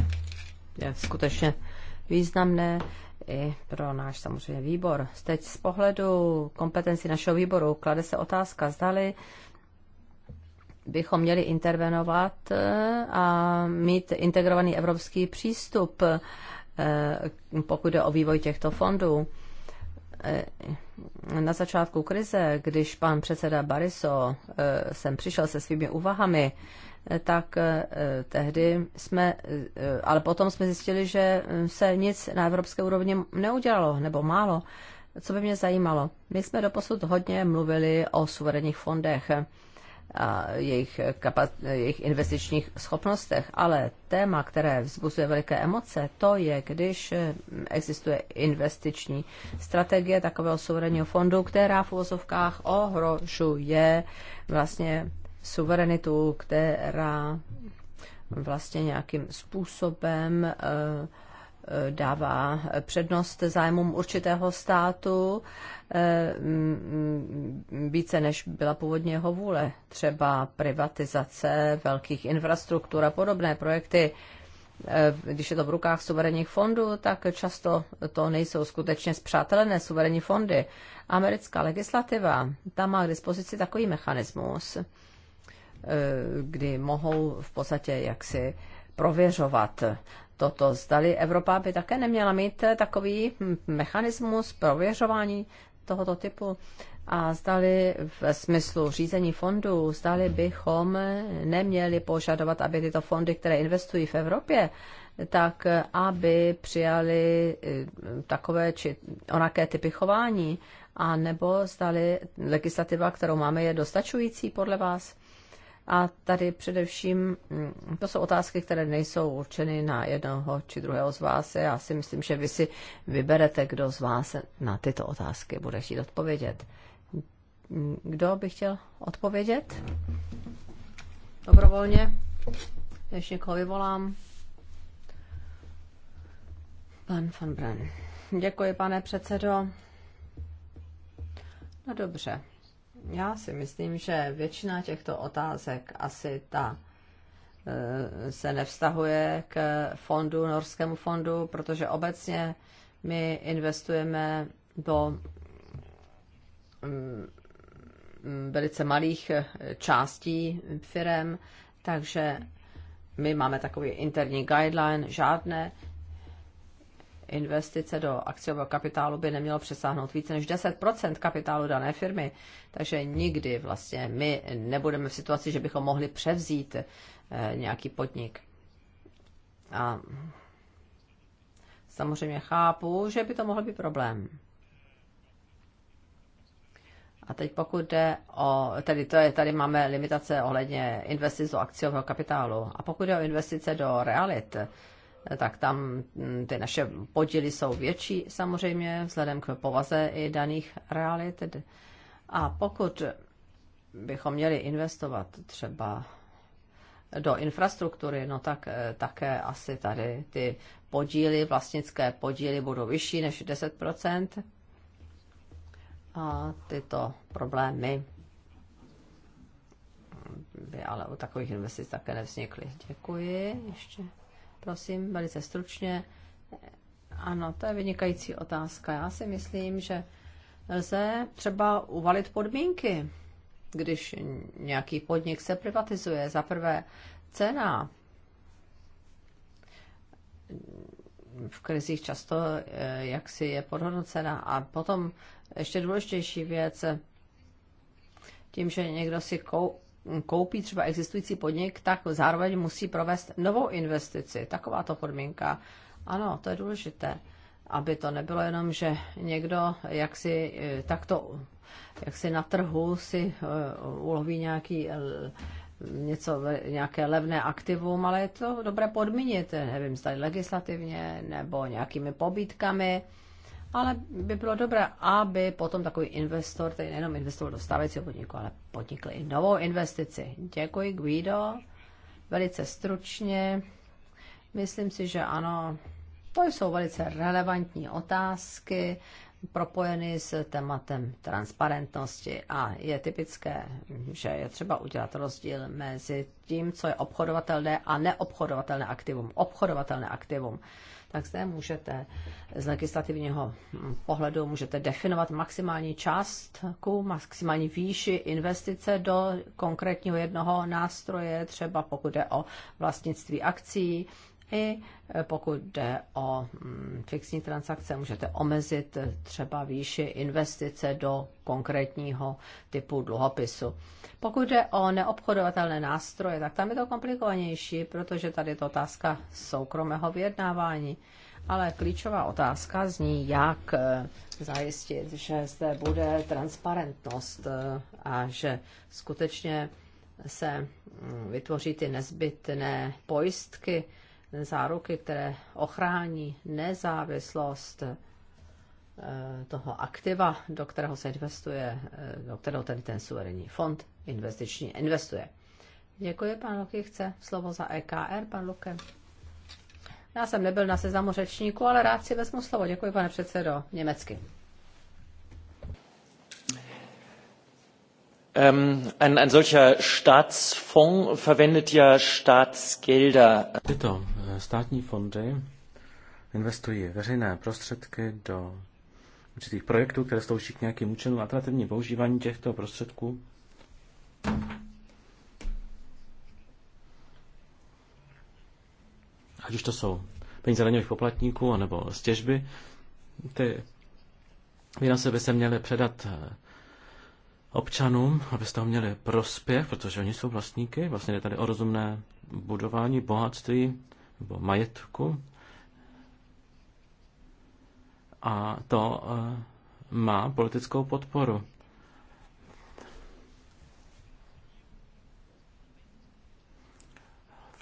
je skutečně významné i pro náš samozřejmě výbor. Teď z pohledu kompetenci našeho výboru klade se otázka, zdali bychom měli intervenovat eh, a mít integrovaný evropský přístup, eh, pokud jde o vývoj těchto fondů. Eh, na začátku krize, když pan předseda Bariso sem přišel se svými úvahami, tak tehdy jsme, ale potom jsme zjistili, že se nic na evropské úrovni neudělalo, nebo málo. Co by mě zajímalo? My jsme doposud hodně mluvili o suverénních fondech a jejich, kapac- jejich investičních schopnostech, ale téma, které vzbuzuje veliké emoce, to je, když mm, existuje investiční strategie takového suverénního fondu, která v uvozovkách ohrožuje vlastně suverenitu, která vlastně nějakým způsobem uh, dává přednost zájmům určitého státu eh, mm, více, než byla původně jeho vůle. Třeba privatizace velkých infrastruktur a podobné projekty. Eh, když je to v rukách suverénních fondů, tak často to nejsou skutečně zpřátelené suverénní fondy. Americká legislativa, tam má k dispozici takový mechanismus, eh, kdy mohou v podstatě jaksi prověřovat toto. Zdali Evropa by také neměla mít takový mechanismus prověřování tohoto typu a zdali v smyslu řízení fondů, zdali bychom neměli požadovat, aby tyto fondy, které investují v Evropě, tak aby přijali eh, takové či onaké typy chování, a nebo zdali legislativa, kterou máme, je dostačující podle vás? A tady především mm, to jsou otázky, které nejsou určeny na jednoho či druhého z vás. Já si myslím, že vy si vyberete, kdo z vás na tyto otázky bude chtít odpovědět. Kdo by chtěl odpovědět? Dobrovolně. Než někoho vyvolám. Pan van Bren. Děkuji, pane předsedo. No dobře, já si myslím, že většina těchto otázek asi ta eh, se nevztahuje k fondu, norskému fondu, protože obecně my investujeme do mm, velice malých eh, částí firem, takže my máme takový interní guideline, žádné investice do akciového kapitálu by nemělo přesáhnout více než 10 kapitálu dané firmy. Takže nikdy vlastně my nebudeme v situaci, že bychom mohli převzít eh, nějaký podnik. A samozřejmě chápu, že by to mohl být problém. A teď pokud jde o, tedy to je, tady máme limitace ohledně investic do akciového kapitálu. A pokud jde o investice do realit, tak tam mm, ty naše podíly jsou větší samozřejmě, vzhledem k povaze i daných realit. A pokud bychom měli investovat třeba do infrastruktury, no tak eh, také asi tady ty podíly, vlastnické podíly budou vyšší než 10%. A tyto problémy by ale u takových investic také nevznikly. Děkuji ještě. Prosím, velice stručně. Ano, to je vynikající otázka. Já si myslím, že lze třeba uvalit podmínky, když nějaký podnik se privatizuje. Za prvé cena. V krizích často eh, jaksi je podhodnocena. A potom ještě důležitější věc, tím, že někdo si koupí třeba existující podnik, tak zároveň musí provést novou investici. Taková to podmínka. Ano, to je důležité, aby to nebylo jenom, že někdo jaksi eh, takto jak si na trhu si eh, uloví nějaký eh, něco, nějaké levné aktivum, ale je to dobré podmínit, nevím, zda legislativně nebo nějakými pobítkami, ale by bylo dobré, aby potom takový investor, který nejenom investoval do stávajícího podniku, ale podnikl i novou investici. Děkuji, Guido. Velice stručně. Myslím si, že ano, to jsou velice relevantní otázky propojeny s tématem transparentnosti a je typické, že je třeba udělat rozdíl mezi tím, co je obchodovatelné a neobchodovatelné aktivum. Obchodovatelné aktivum tak se můžete z legislativního pohledu můžete definovat maximální částku, maximální výši investice do konkrétního jednoho nástroje, třeba pokud jde o vlastnictví akcí i pokud jde o mm, fixní transakce, můžete omezit třeba výši investice do konkrétního typu dluhopisu. Pokud jde o neobchodovatelné nástroje, tak tam je to komplikovanější, protože tady je to otázka soukromého vyjednávání. Ale klíčová otázka zní, jak eh, zajistit, že zde bude transparentnost eh, a že skutečně se mm, vytvoří ty nezbytné pojistky, záruky, které ochrání nezávislost eh, toho aktiva, do kterého se investuje, eh, do kterého tedy ten suverénní fond investiční investuje. Děkuji, pan Luky chce slovo za EKR, pan Luke. Já jsem nebyl na seznamu řečníku, ale rád si vezmu slovo. Děkuji, pane předsedo, německy. Ähm, Tyto eh, státní fondy investují veřejné prostředky do určitých projektů, které slouží k nějakým účelům. Alternativní používání těchto prostředků ať už to jsou peníze daňových poplatníků anebo stěžby, ty výnosy by se měly předat eh, občanům, aby z toho měli prospěch, protože oni jsou vlastníky. Vlastně je tady o rozumné budování bohatství nebo majetku. A to eh, má politickou podporu.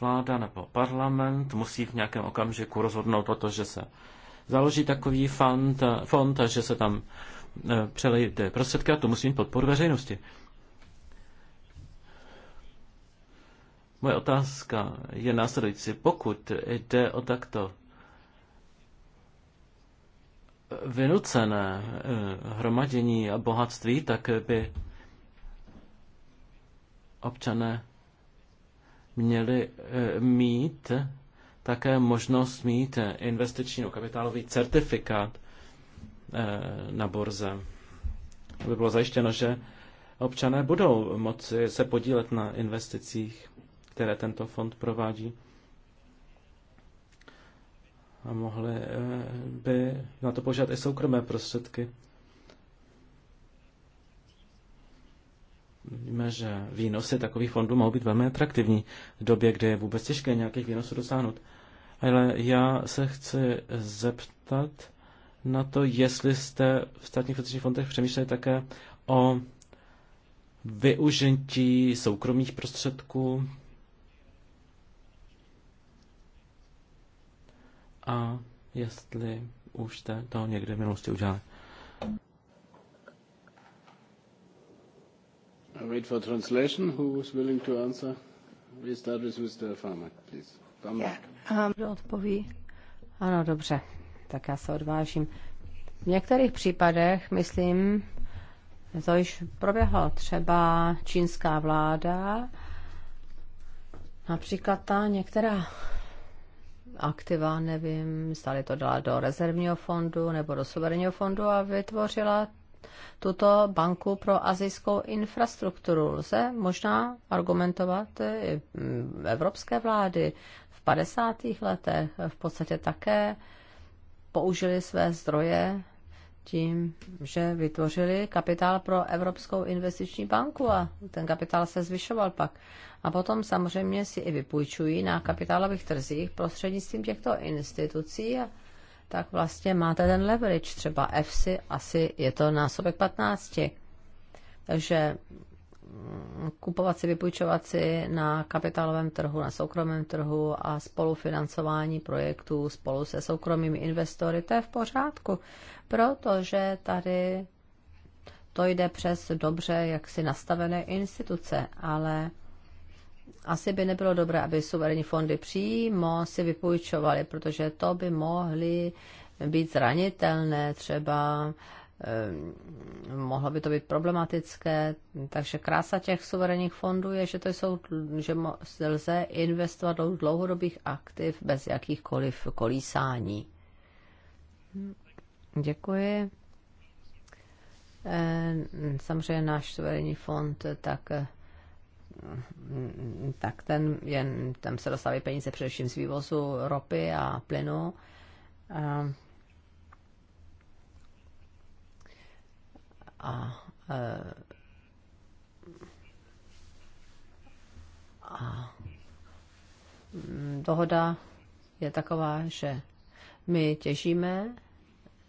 vláda nebo parlament musí v nějakém okamžiku rozhodnout o to, že se založí takový fond, eh, fond že se tam Eh, přelejte prostředky a to musí mít podporu veřejnosti. Moje otázka je následující. Pokud jde o takto vynucené eh, hromadění a bohatství, tak by občané měli eh, mít také možnost mít investiční kapitálový certifikát. Eh, na borze Aby bylo zajištěno, že občané budou moci se podílet na investicích, které tento fond provádí a mohly eh, by na to požádat i soukromé prostředky. Víme, že výnosy takových fondů mohou být velmi atraktivní v době, kdy je vůbec těžké nějakých výnosů dosáhnout. Ale já se chci zeptat, na to, jestli jste v státních finančních fondech přemýšleli také o využití soukromých prostředků a jestli už jste to někde v minulosti udělali. I wait for translation. Who is willing to answer? We start with Mr. Farmer, please. Farmer. Yeah. Um, odpoví. Ano, dobře tak já se odvážím. V některých případech, myslím, to již proběhlo. Třeba čínská vláda, například ta některá aktiva, nevím, stále to dala do rezervního fondu nebo do suverénního fondu a vytvořila tuto banku pro azijskou infrastrukturu. Lze možná argumentovat i mm, evropské vlády v 50. letech v podstatě také použili své zdroje tím, že vytvořili kapitál pro Evropskou investiční banku a ten kapitál se zvyšoval pak. A potom samozřejmě si i vypůjčují na kapitálových trzích prostřednictvím těchto institucí a tak vlastně máte ten leverage, třeba EFSI, asi je to násobek 15. Takže kupovat si, vypůjčovat si na kapitálovém trhu, na soukromém trhu a spolufinancování projektů spolu se soukromými investory, to je v pořádku, protože tady to jde přes dobře jaksi nastavené instituce, ale asi by nebylo dobré, aby suverénní fondy přímo si vypůjčovaly, protože to by mohly být zranitelné třeba Ehm, mohlo by to být problematické. Takže krása těch suverénních fondů je, že, to jsou, že lze investovat do dlouhodobých aktiv bez jakýchkoliv kolísání. Děkuji. Ehm, samozřejmě náš suverénní fond, tak ehm, tak ten jen, tam se dostávají peníze především z vývozu ropy a plynu. a, e, a mm, dohoda je taková, že my těžíme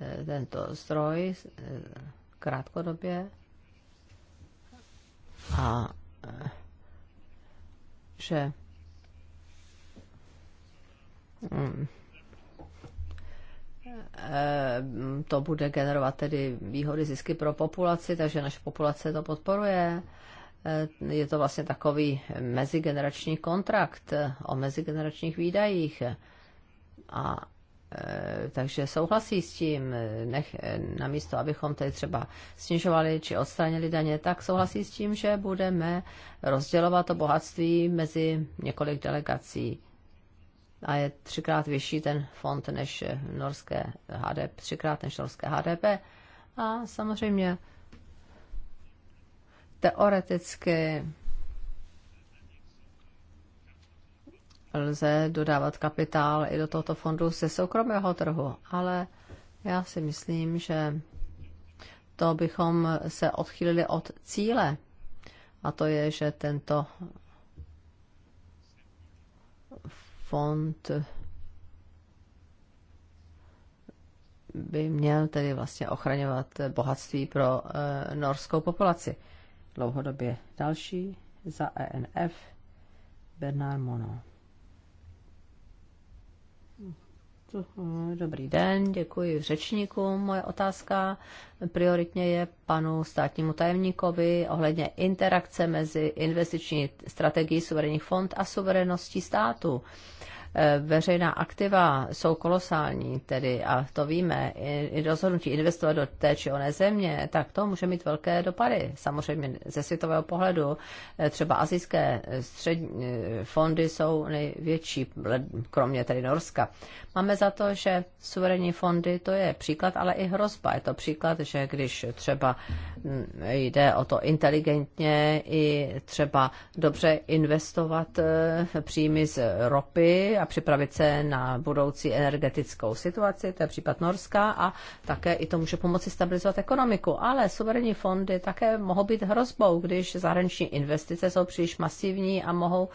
e, tento zdroj e, krátkodobě a že mm, Eh, to bude generovat tedy výhody, zisky pro populaci, takže naše populace to podporuje. Eh, je to vlastně takový mezigenerační kontrakt o mezigeneračních výdajích. A eh, takže souhlasí s tím, nech, namísto abychom tady třeba snižovali či odstranili daně, tak souhlasí s tím, že budeme rozdělovat to bohatství mezi několik delegací a je třikrát vyšší ten fond než norské HDP, třikrát než norské HDP. A samozřejmě teoreticky lze dodávat kapitál i do tohoto fondu ze soukromého trhu, ale já si myslím, že to bychom se odchýlili od cíle. A to je, že tento fond by měl tedy vlastně ochraňovat bohatství pro e, norskou populaci. Dlouhodobě další za ENF Bernard Monod. Dobrý den, děkuji řečníku. Moje otázka prioritně je panu státnímu tajemníkovi ohledně interakce mezi investiční strategií suverénních fond a suvereností státu. Uh, Eh, veřejná aktiva jsou kolosální, tedy, a to víme, i rozhodnutí investovat do té či oné země, tak to může mít velké dopady. Samozřejmě ze světového pohledu eh, třeba azijské eh, střední fondy jsou největší, kromě tedy Norska. Máme za to, že suverénní fondy to je příklad, ale i hrozba. Je to příklad, že když třeba mm, jde o to inteligentně i třeba dobře investovat příjmy z ropy a připravit se na budoucí energetickou situaci, to je případ Norska, a také i to může pomoci stabilizovat ekonomiku. Ale suverénní fondy také mohou být hrozbou, když zahraniční investice jsou příliš masivní a mohou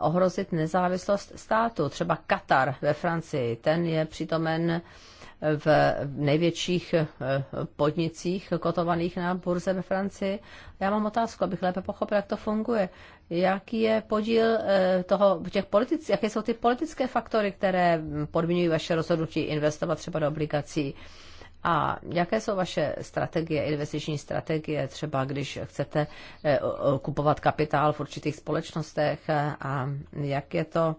ohrozit nezávislost státu. Třeba Katar ve Francii, ten je přítomen v největších eh, podnicích kotovaných na burze ve Francii. Já mám otázku, abych lépe pochopil, jak to funguje. Jaký je podíl eh, toho, těch politic, jaké jsou ty politické faktory, které podmiňují vaše rozhodnutí investovat třeba do obligací? A jaké jsou vaše strategie, investiční strategie, třeba když chcete eh, kupovat kapitál v určitých společnostech a jak je to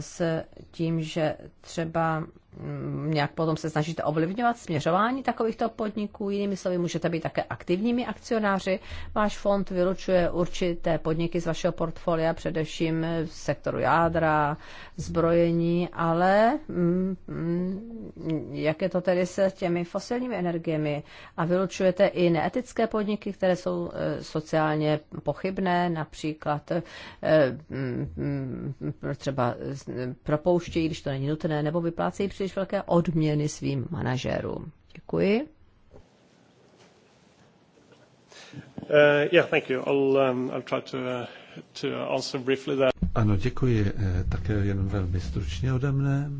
s tím, že třeba Mm, nějak potom se snažíte ovlivňovat směřování takovýchto podniků. Jinými slovy, můžete být také aktivními akcionáři. Váš fond vylučuje určité podniky z vašeho portfolia, především v sektoru jádra, zbrojení, ale mm, jak je to tedy se těmi fosilními energiemi? A vylučujete i neetické podniky, které jsou e, sociálně pochybné, například e, mm, třeba propouštějí, když to není nutné, nebo vyplácejí příliš příliš velké odměny svým manažérům. Děkuji. Uh, yeah, thank you. I'll, um, I'll try to, uh, to answer briefly that. Ano, děkuji. Uh, také jenom velmi stručně ode mne.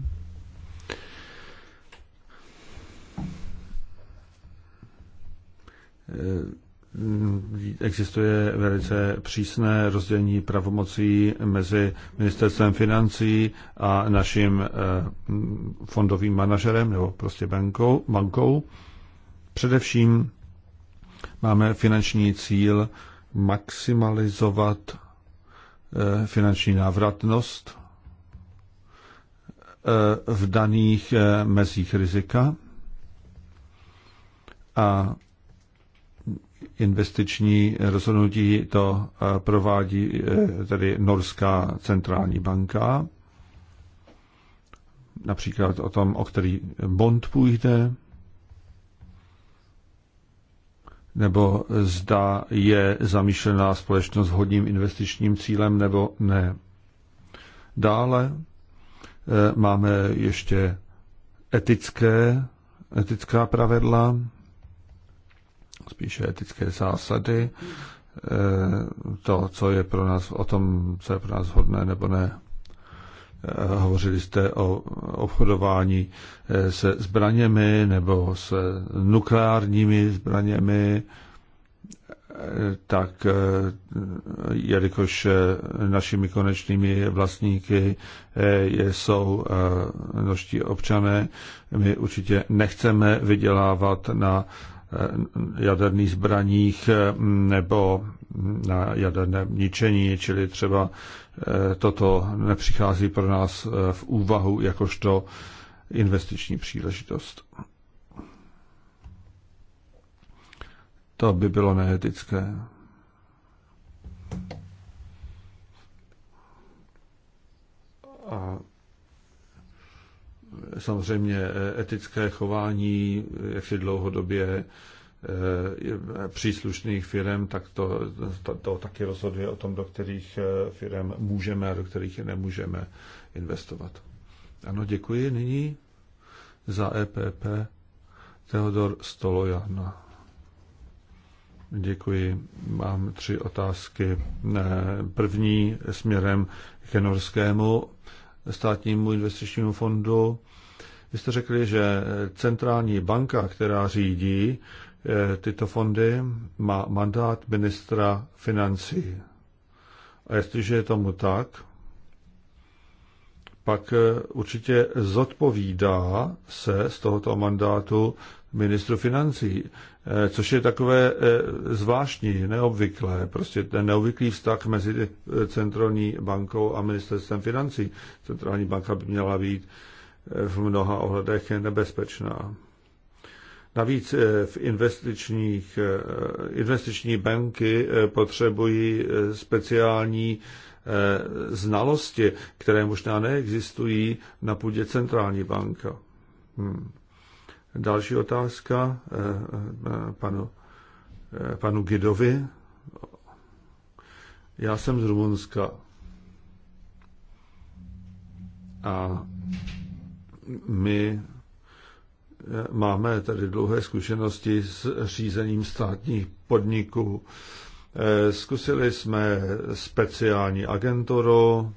Uh, existuje velice přísné rozdělení pravomocí mezi ministerstvem financí a naším eh, fondovým manažerem nebo prostě bankou. bankou. Především máme finanční cíl maximalizovat eh, finanční návratnost eh, v daných mezích rizika a investiční rozhodnutí to eh, provádí eh, tedy Norská centrální banka. Například o tom, o který bond půjde, nebo zda je zamýšlená společnost vhodným investičním cílem nebo ne. Dále eh, máme ještě etické, etická pravidla, spíše etické zásady, eh, to, co je pro nás, o tom, co je pro nás hodné nebo ne. Eh, hovořili jste o obchodování eh, se zbraněmi nebo s nukleárními zbraněmi, tak jelikož našimi konečnými vlastníky jsou noští občané, my určitě nechceme vydělávat na Eh, jaderných zbraních eh, nebo na jaderné ničení, čili třeba eh, toto nepřichází pro nás v úvahu jakožto investiční příležitost. To by bylo neetické. A samozřejmě e, etické chování si dlouhodobě e, příslušných firm, tak to, to, to taky rozhoduje o tom, do kterých e, firm můžeme a do kterých nemůžeme investovat. Ano, děkuji. Nyní za EPP Teodor Stolojan. Děkuji. Mám tři otázky. První směrem k norskému státnímu investičnímu fondu. Vy jste řekli, že centrální banka, která řídí eh, tyto fondy, má mandát ministra financí. A jestliže je tomu tak, pak eh, určitě zodpovídá se z tohoto mandátu ministru financí. Eh, což je takové eh, zvláštní, neobvyklé, prostě ten neobvyklý vztah mezi eh, centrální bankou a ministerstvem financí. Centrální banka by měla být v mnoha ohledech nebezpečná. Navíc v investičních, investiční banky potřebují speciální znalosti, které možná neexistují na půdě centrální banka. Hmm. Další otázka eh, eh, panu, eh, panu Gidovi. Já jsem z Rumunska. A my máme tady dlouhé zkušenosti s řízením státních podniků. Zkusili jsme speciální agenturu,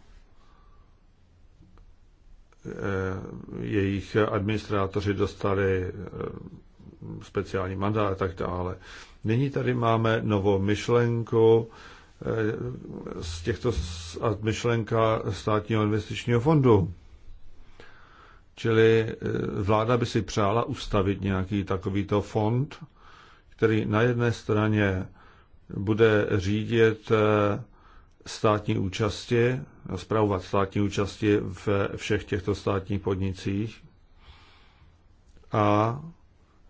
Eh, jejich administrátoři dostali eh, speciální mandát a tak dále. Nyní tady máme novou myšlenku eh, z těchto myšlenka státního investičního fondu. Čili vláda by si přála ustavit nějaký takovýto fond, který na jedné straně bude řídit státní účasti zpravovat státní účasti ve všech těchto státních podnicích. A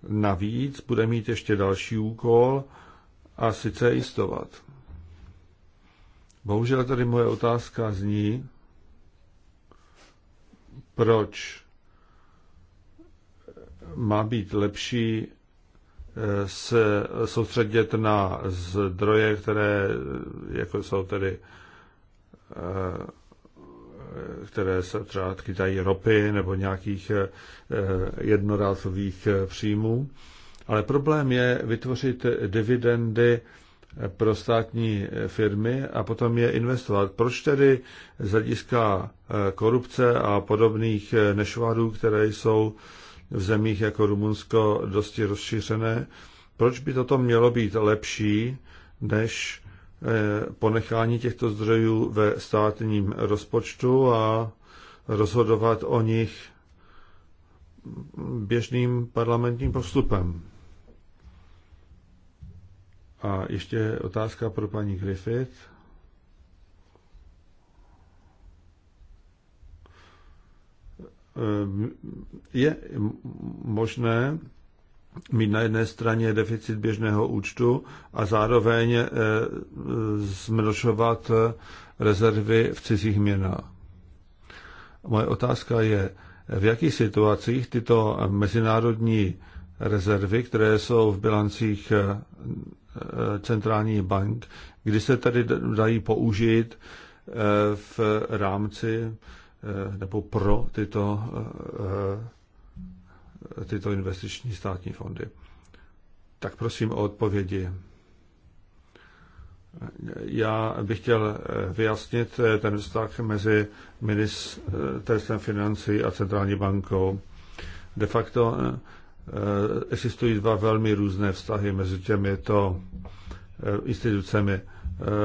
navíc bude mít ještě další úkol a sice jistovat. Bohužel tady moje otázka zní, proč má být lepší eh, se soustředit na zdroje, které eh, jako jsou tedy Eh, které se třeba chytají ropy nebo nějakých eh, jednorázových eh, příjmů. Ale problém je vytvořit dividendy pro státní firmy a potom je investovat. Proč tedy z hlediska korupce a podobných nešvarů, které jsou v zemích jako Rumunsko dosti rozšířené, proč by toto mělo být lepší než Eh, ponechání těchto zdrojů ve státním rozpočtu a rozhodovat o nich běžným parlamentním postupem. A ještě otázka pro paní Griffith. Eh, je možné mít na jedné straně deficit běžného účtu a zároveň eh, zmnožovat eh, rezervy v cizích měnách. Moje otázka je, v jakých situacích tyto mezinárodní rezervy, které jsou v bilancích eh, centrální bank, kdy se tady dají použít v rámci nebo pro tyto tyto investiční státní fondy. Tak prosím o odpovědi. Já bych chtěl eh, vyjasnit eh, ten vztah mezi ministerstvem financí a centrální bankou. De facto eh, existují dva velmi různé vztahy mezi těmito institucemi.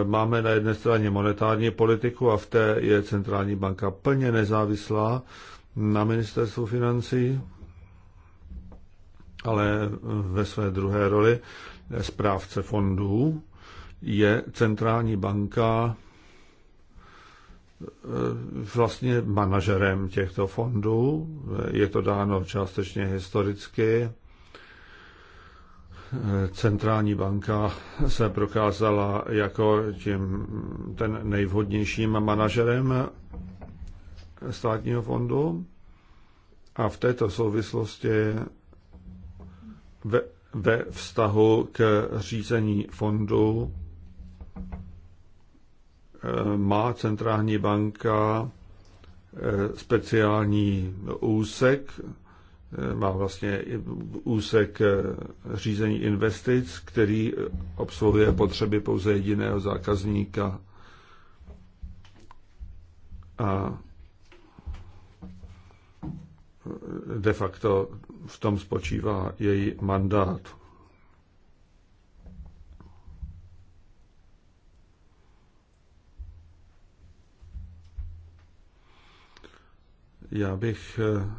Máme na jedné straně monetární politiku a v té je centrální banka plně nezávislá na ministerstvu financí ale ve své druhé roli správce fondů je centrální banka eh, vlastně manažerem těchto fondů. Je to dáno částečně historicky. Eh, centrální banka se prokázala jako tím, ten nejvhodnějším manažerem státního fondu. A v této souvislosti ve, ve vztahu k řízení fondu eh, má centrální banka eh, speciální úsek, eh, má vlastně úsek řízení investic, který obsluhuje potřeby pouze jediného zákazníka. A de facto v tom spočívá její mandát. Já bych eh,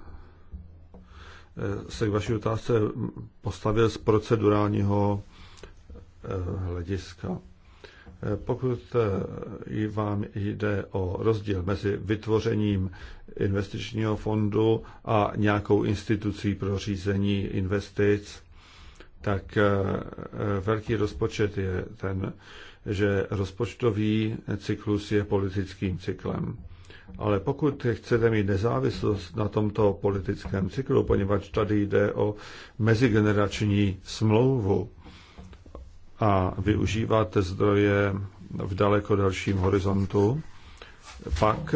se k vaší otázce postavil z procedurálního eh, hlediska. Pokud eh, vám jde o rozdíl mezi vytvořením investičního fondu a nějakou institucí pro řízení investic, tak eh, velký rozpočet je ten, že rozpočtový cyklus je politickým cyklem. Ale pokud chcete mít nezávislost na tomto politickém cyklu, poněvadž tady jde o mezigenerační smlouvu, a využívat zdroje v daleko dalším horizontu, pak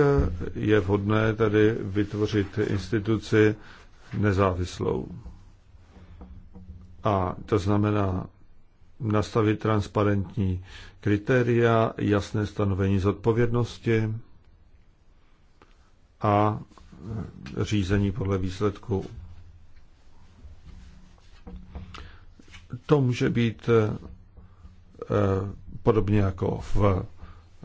je vhodné tedy vytvořit instituci nezávislou. A to znamená nastavit transparentní kritéria, jasné stanovení zodpovědnosti a řízení podle výsledků. To může být Eh, podobně jako v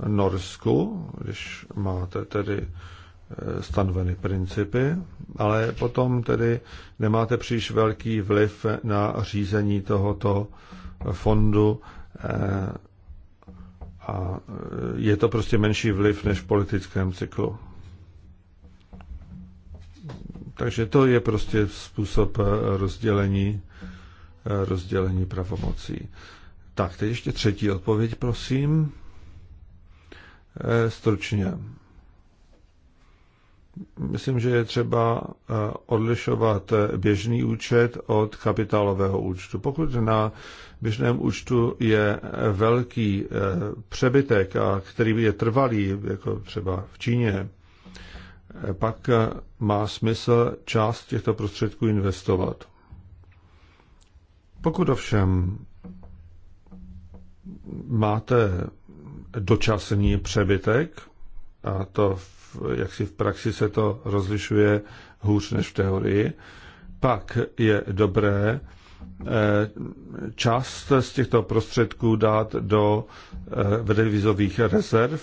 Norsku, když máte tedy eh, stanoveny principy, ale potom tedy nemáte příliš velký vliv na řízení tohoto fondu eh, a je to prostě menší vliv než v politickém cyklu. Takže to je prostě způsob rozdělení, rozdělení pravomocí. Tak, teď ještě třetí odpověď, prosím. Eh, stručně. Myslím, že je třeba eh, odlišovat eh, běžný účet od kapitálového účtu. Pokud na běžném účtu je velký přebytek, a který je trvalý, jako třeba v Číně, pak má smysl část těchto prostředků investovat. Pokud ovšem máte dočasný přebytek, a to v, jak si v praxi se to rozlišuje hůř než v teorii, pak je dobré eh, část z těchto prostředků dát do devizových eh, rezerv.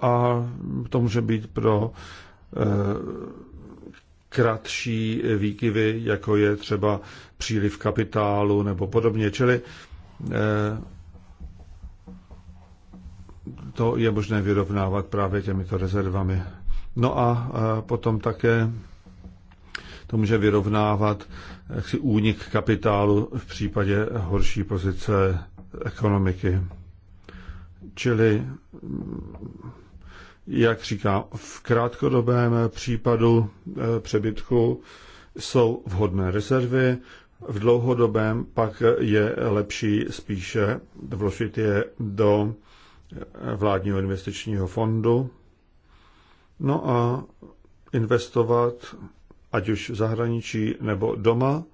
A to může být pro eh, kratší výkyvy, jako je třeba příliv kapitálu nebo podobně. Čili eh, to je možné vyrovnávat právě těmito rezervami. No a eh, potom také to může vyrovnávat eh, jaksi únik kapitálu v případě horší pozice ekonomiky. Čili jak říkám, v krátkodobém případu eh, přebytku jsou vhodné rezervy, v dlouhodobém pak je lepší spíše vložit je do eh, vládního investičního fondu, no a investovat ať už v zahraničí nebo doma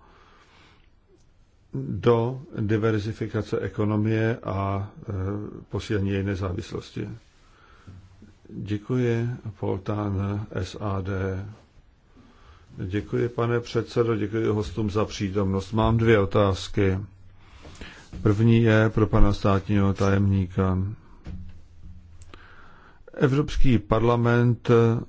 do diverzifikace ekonomie a eh, posílení její nezávislosti. Děkuji, Poltán SAD. Děkuji, pane předsedo, děkuji hostům za přítomnost. Mám dvě otázky. První je pro pana státního tajemníka. Evropský parlament eh,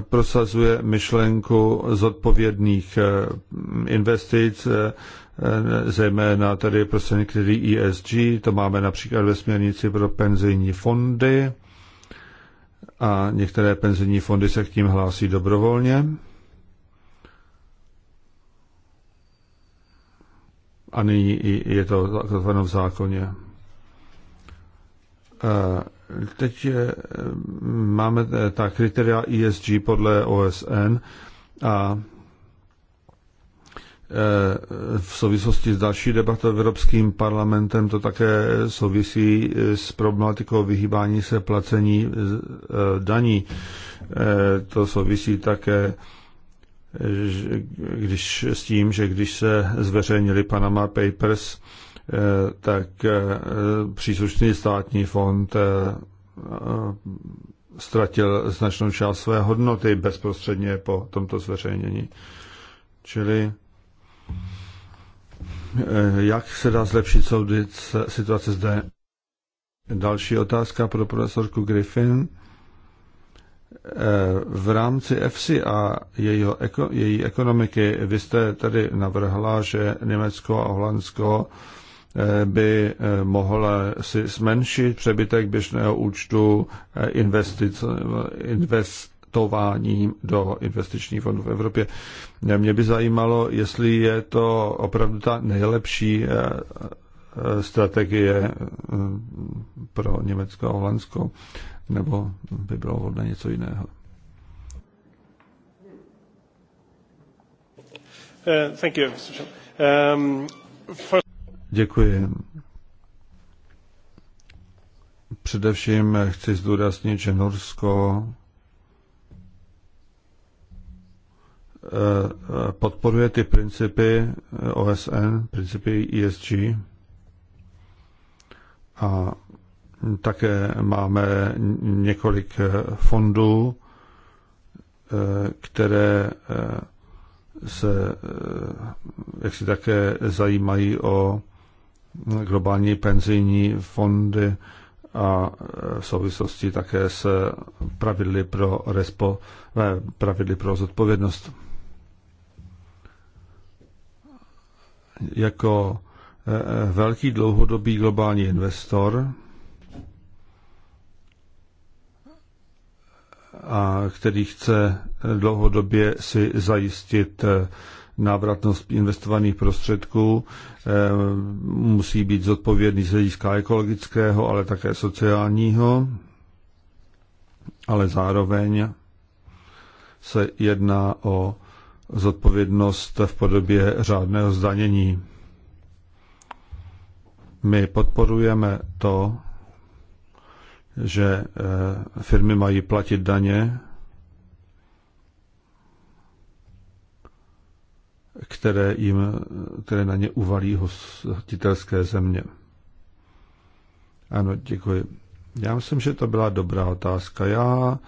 prosazuje myšlenku zodpovědných eh, investic eh, Eh, zejména tedy prostřednictvím ESG, to máme například ve směrnici pro penzijní fondy a některé penzijní fondy se k tím hlásí dobrovolně. A nyní je to zakotveno v zákoně. Eh, teď eh, máme ta kritéria ESG podle OSN a Eh, v souvislosti s další debatou Evropským parlamentem to také souvisí eh, s problematikou vyhýbání se placení eh, daní. To souvisí také když, s tím, že když se zveřejnili Panama Papers, tak příslušný státní fond ztratil značnou část své hodnoty bezprostředně po tomto zveřejnění. Čili Eh, jak se dá zlepšit soudit situace zde? Další otázka pro profesorku Griffin. Eh, v rámci EFSI a jejího, její ekonomiky vy jste tady navrhla, že Německo a Holandsko eh, by mohla si zmenšit přebytek běžného účtu investic, invest, investováním do investičních fondů v Evropě. Mě by zajímalo, jestli je to opravdu ta nejlepší eh, eh, strategie eh, pro Německo a Holandsko, nebo by bylo vhodné něco jiného. Uh, thank you. Um, for... Děkuji. Především chci zdůraznit, že Norsko podporuje ty principy eh, OSN, principy ESG a také máme několik eh, fondů, eh, které se jak si také zajímají o globální penzijní fondy a v souvislosti také se pravidly pro, respo, ne, pravidly pro zodpovědnost. jako eh, eh, velký dlouhodobý globální investor, a který chce eh, dlouhodobě si zajistit návratnost investovaných prostředků, musí být zodpovědný z hlediska ekologického, ale také sociálního, ale zároveň se jedná o zodpovědnost v podobě řádného zdanění. My podporujeme to, že eh, firmy mají platit daně, které, jim, které na ně uvalí hostitelské země. Ano, děkuji. Já myslím, že to byla dobrá otázka. Já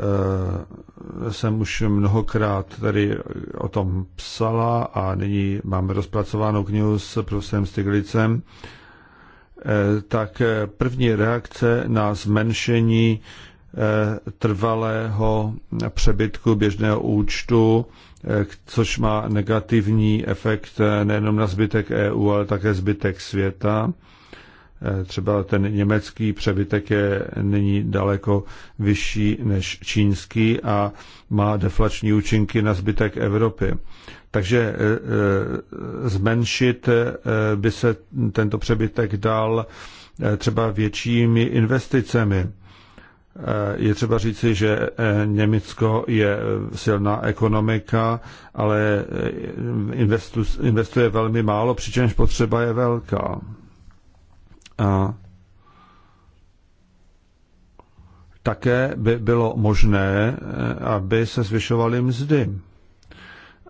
Eh, jsem už mnohokrát tady o tom psala a nyní máme rozpracovanou knihu s profesorem Stiglicem, eh, tak eh, první reakce na zmenšení trvalého přebytku běžného účtu, což má negativní efekt nejenom na zbytek EU, ale také zbytek světa Eh, třeba ten německý přebytek je nyní daleko vyšší než čínský a má deflační účinky na zbytek Evropy. Takže eh, eh, zmenšit by se tento přebytek dal třeba většími investicemi. Je třeba říci, že Německo je silná ekonomika, ale investuje velmi málo, přičemž potřeba je velká. A také by bylo možné, eh, aby se zvyšovaly mzdy.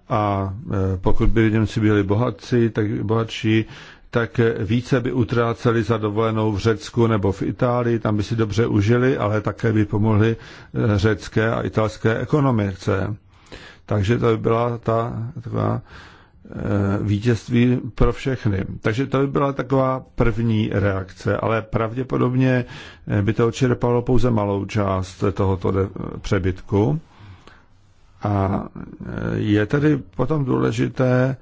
A eh, pokud by Němci byli bohatci, tak bohatší, tak eh, více by utráceli za dovolenou v Řecku nebo v Itálii, tam by si dobře užili, ale také by pomohli řecké a italské ekonomice. Takže to by byla ta taková Eh, vítězství pro všechny. Takže to by byla taková první reakce, ale pravděpodobně eh, by to očerpalo pouze malou část tohoto přebytku. A eh, je tedy potom důležité,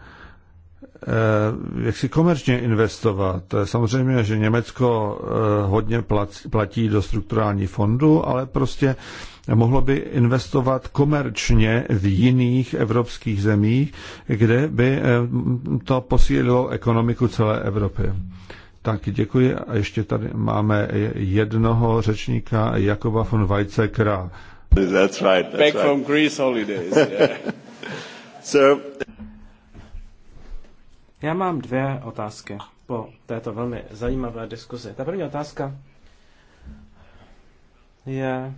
jak si komerčně investovat. Samozřejmě, že Německo hodně platí do strukturální fondu, ale prostě mohlo by investovat komerčně v jiných evropských zemích, kde by eh, to posílilo ekonomiku celé Evropy. Tak děkuji a ještě tady máme jednoho řečníka Jakoba von Weizsäckera. That's right. That's Back right. from Greece holidays. Yeah. *laughs* so... Já mám dvě otázky po této velmi zajímavé diskuzi. Ta první otázka je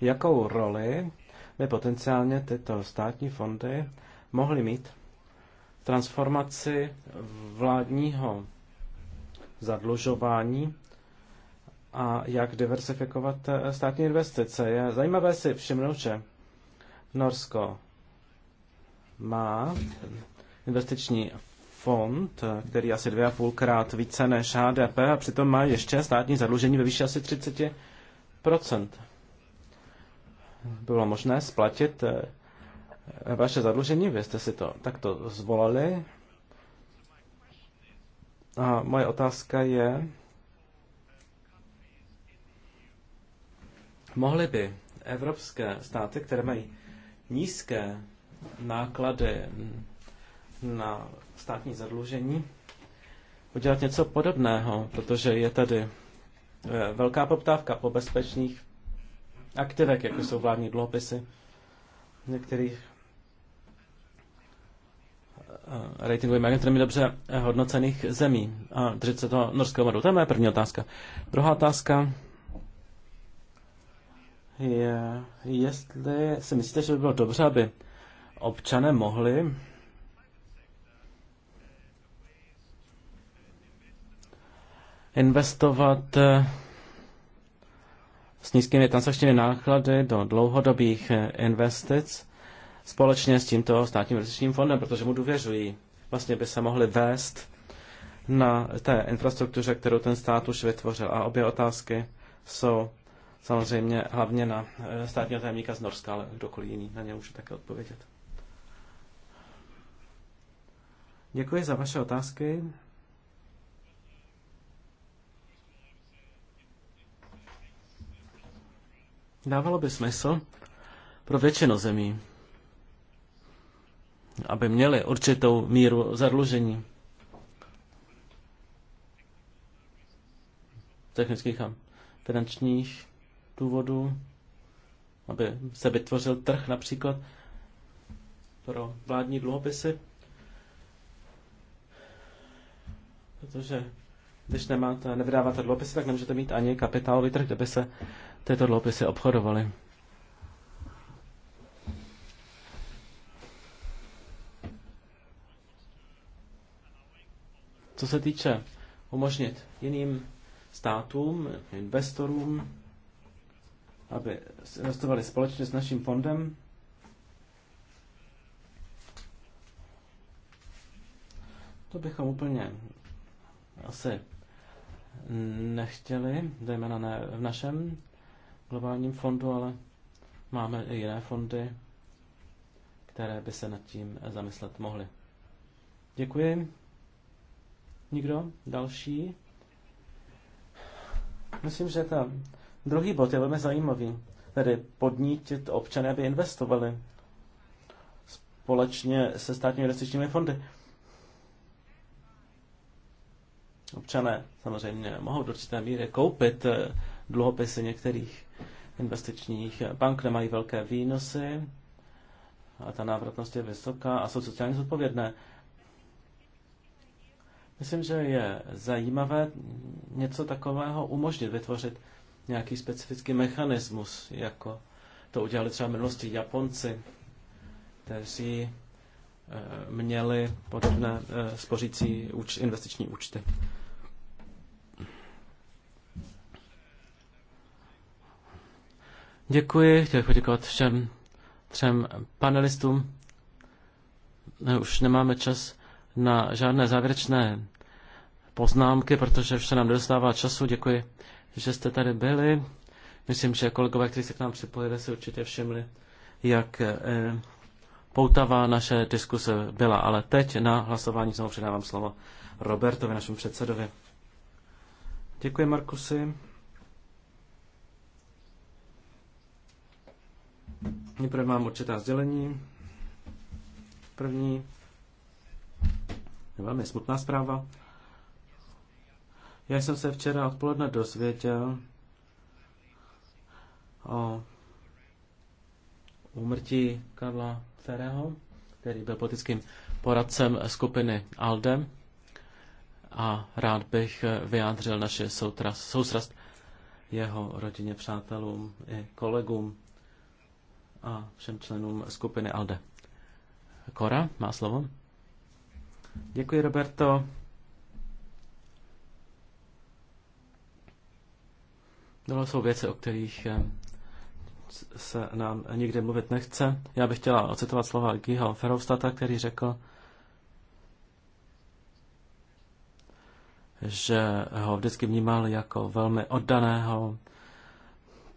jakou roli by potenciálně tyto státní fondy mohly mít v transformaci vládního zadlužování a jak diversifikovat eh, státní investice. Je zajímavé si všimnout, že Norsko má investiční fond, eh, který asi dvě a půlkrát více než HDP a přitom má ještě státní zadlužení ve výši asi 30% bylo možné splatit eh, vaše zadlužení, vy jste si to takto zvolali. A moje otázka je, mohly by evropské státy, které mají nízké náklady na státní zadlužení, udělat něco podobného, protože je tady eh, velká poptávka po bezpečných aktivek, jako jsou vládní dluhopisy některých eh, ratingovými agenturami dobře hodnocených zemí a držet se toho norského modu. To je moje první otázka. Druhá otázka je, jestli si myslíte, že by bylo dobře, aby občané mohli investovat eh, s nízkými transakčními náklady do dlouhodobých eh, investic společně s tímto státním investičním fondem, protože mu důvěřují. Vlastně by se mohli vést na té infrastruktuře, kterou ten stát už vytvořil. A obě otázky jsou samozřejmě hlavně na eh, státního tajemníka z Norska, ale kdokoliv jiný na ně může také odpovědět. Děkuji za vaše otázky. Dávalo by smysl pro většinu zemí, aby měli určitou míru zadlužení. Technických a finančních důvodů, aby se vytvořil trh například pro vládní dluhopisy. Protože když nemáte, nevydáváte dluhopisy, tak nemůžete mít ani kapitálový trh, kde by se této dluhopisy obchodovali. Co se týče umožnit jiným státům, investorům, aby investovali společně s naším fondem, to bychom úplně asi nechtěli, zejména ne v našem globálním fondu, ale máme i jiné fondy, které by se nad tím zamyslet mohly. Děkuji. Nikdo? Další? Myslím, že ta druhý bod je velmi zajímavý, tedy podnítit občany, aby investovali společně se státními investičními fondy. Občané samozřejmě mohou do určité míry koupit eh, dluhopisy některých investičních bank nemají velké výnosy a ta návratnost je vysoká a jsou sociálně zodpovědné. Myslím, že je zajímavé něco takového umožnit, vytvořit nějaký specifický mechanismus, jako to udělali třeba v minulosti Japonci, kteří eh, měli podobné eh, spořící investiční účty. Děkuji, chtěl bych poděkovat všem třem panelistům. Už nemáme čas na žádné závěrečné poznámky, protože už se nám nedostává času. Děkuji, že jste tady byli. Myslím, že kolegové, kteří se k nám připojili, si určitě všimli, jak eh, poutavá naše diskuse byla. Ale teď na hlasování znovu předávám slovo Robertovi, našemu předsedovi. Děkuji, Markusy. Nejprve mám určitá sdělení. První velmi smutná zpráva. Já jsem se včera odpoledne dozvěděl o úmrtí Karla Ferého, který byl politickým poradcem skupiny ALDE a rád bych vyjádřil naše soustrast jeho rodině, přátelům i kolegům a všem členům skupiny ALDE. Kora má slovo. Děkuji, Roberto. Tohle jsou věci, o kterých eh, se nám nikdy mluvit nechce. Já bych chtěla ocitovat slova Gihal Ferhovstata, který řekl, že ho vždycky vnímal jako velmi oddaného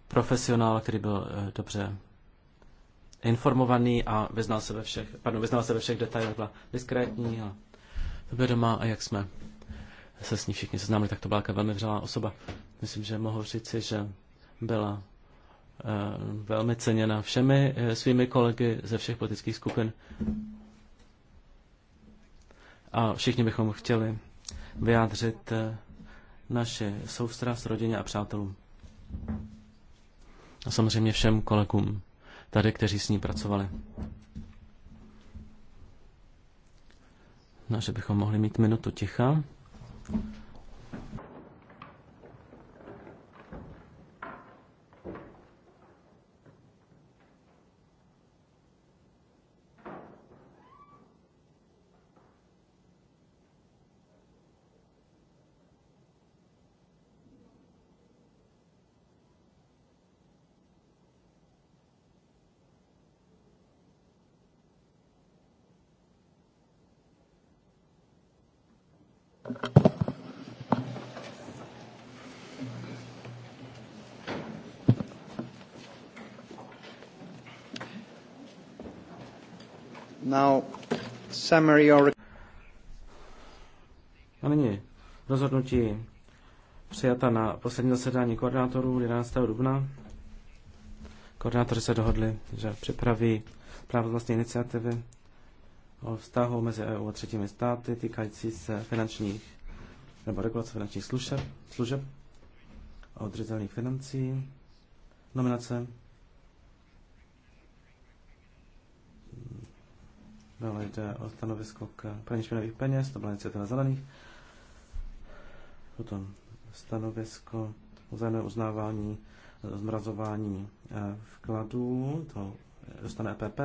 profesionála, který byl eh, dobře informovaný a vyznal se ve všech, pardon, vyznal se ve všech detailech, byla diskrétní a vědomá a jak jsme se s ní všichni seznámili, tak to byla velmi vřelá osoba. Myslím, že mohu říci, že byla eh, velmi ceněna všemi eh, svými kolegy ze všech politických skupin. A všichni bychom chtěli vyjádřit eh, naše soustrast rodině a přátelům. A samozřejmě všem kolegům tady, kteří s ní pracovali. No, že bychom mohli mít minutu ticha. Now, summary or... A nyní rozhodnutí přijata na poslední zasedání koordinátorů 11. dubna. Koordinátoři se dohodli, že připraví právo vlastní iniciativy o vztahu mezi EU a třetími státy týkající se finančních nebo regulace finančních služeb, služeb a odřizelných financí, nominace Dále no, jde o stanovisko k praní špinavých peněz, to byla iniciativa zelených. Potom stanovisko vzájemné uznávání, e, zmrazování e, vkladů, to dostane EPP.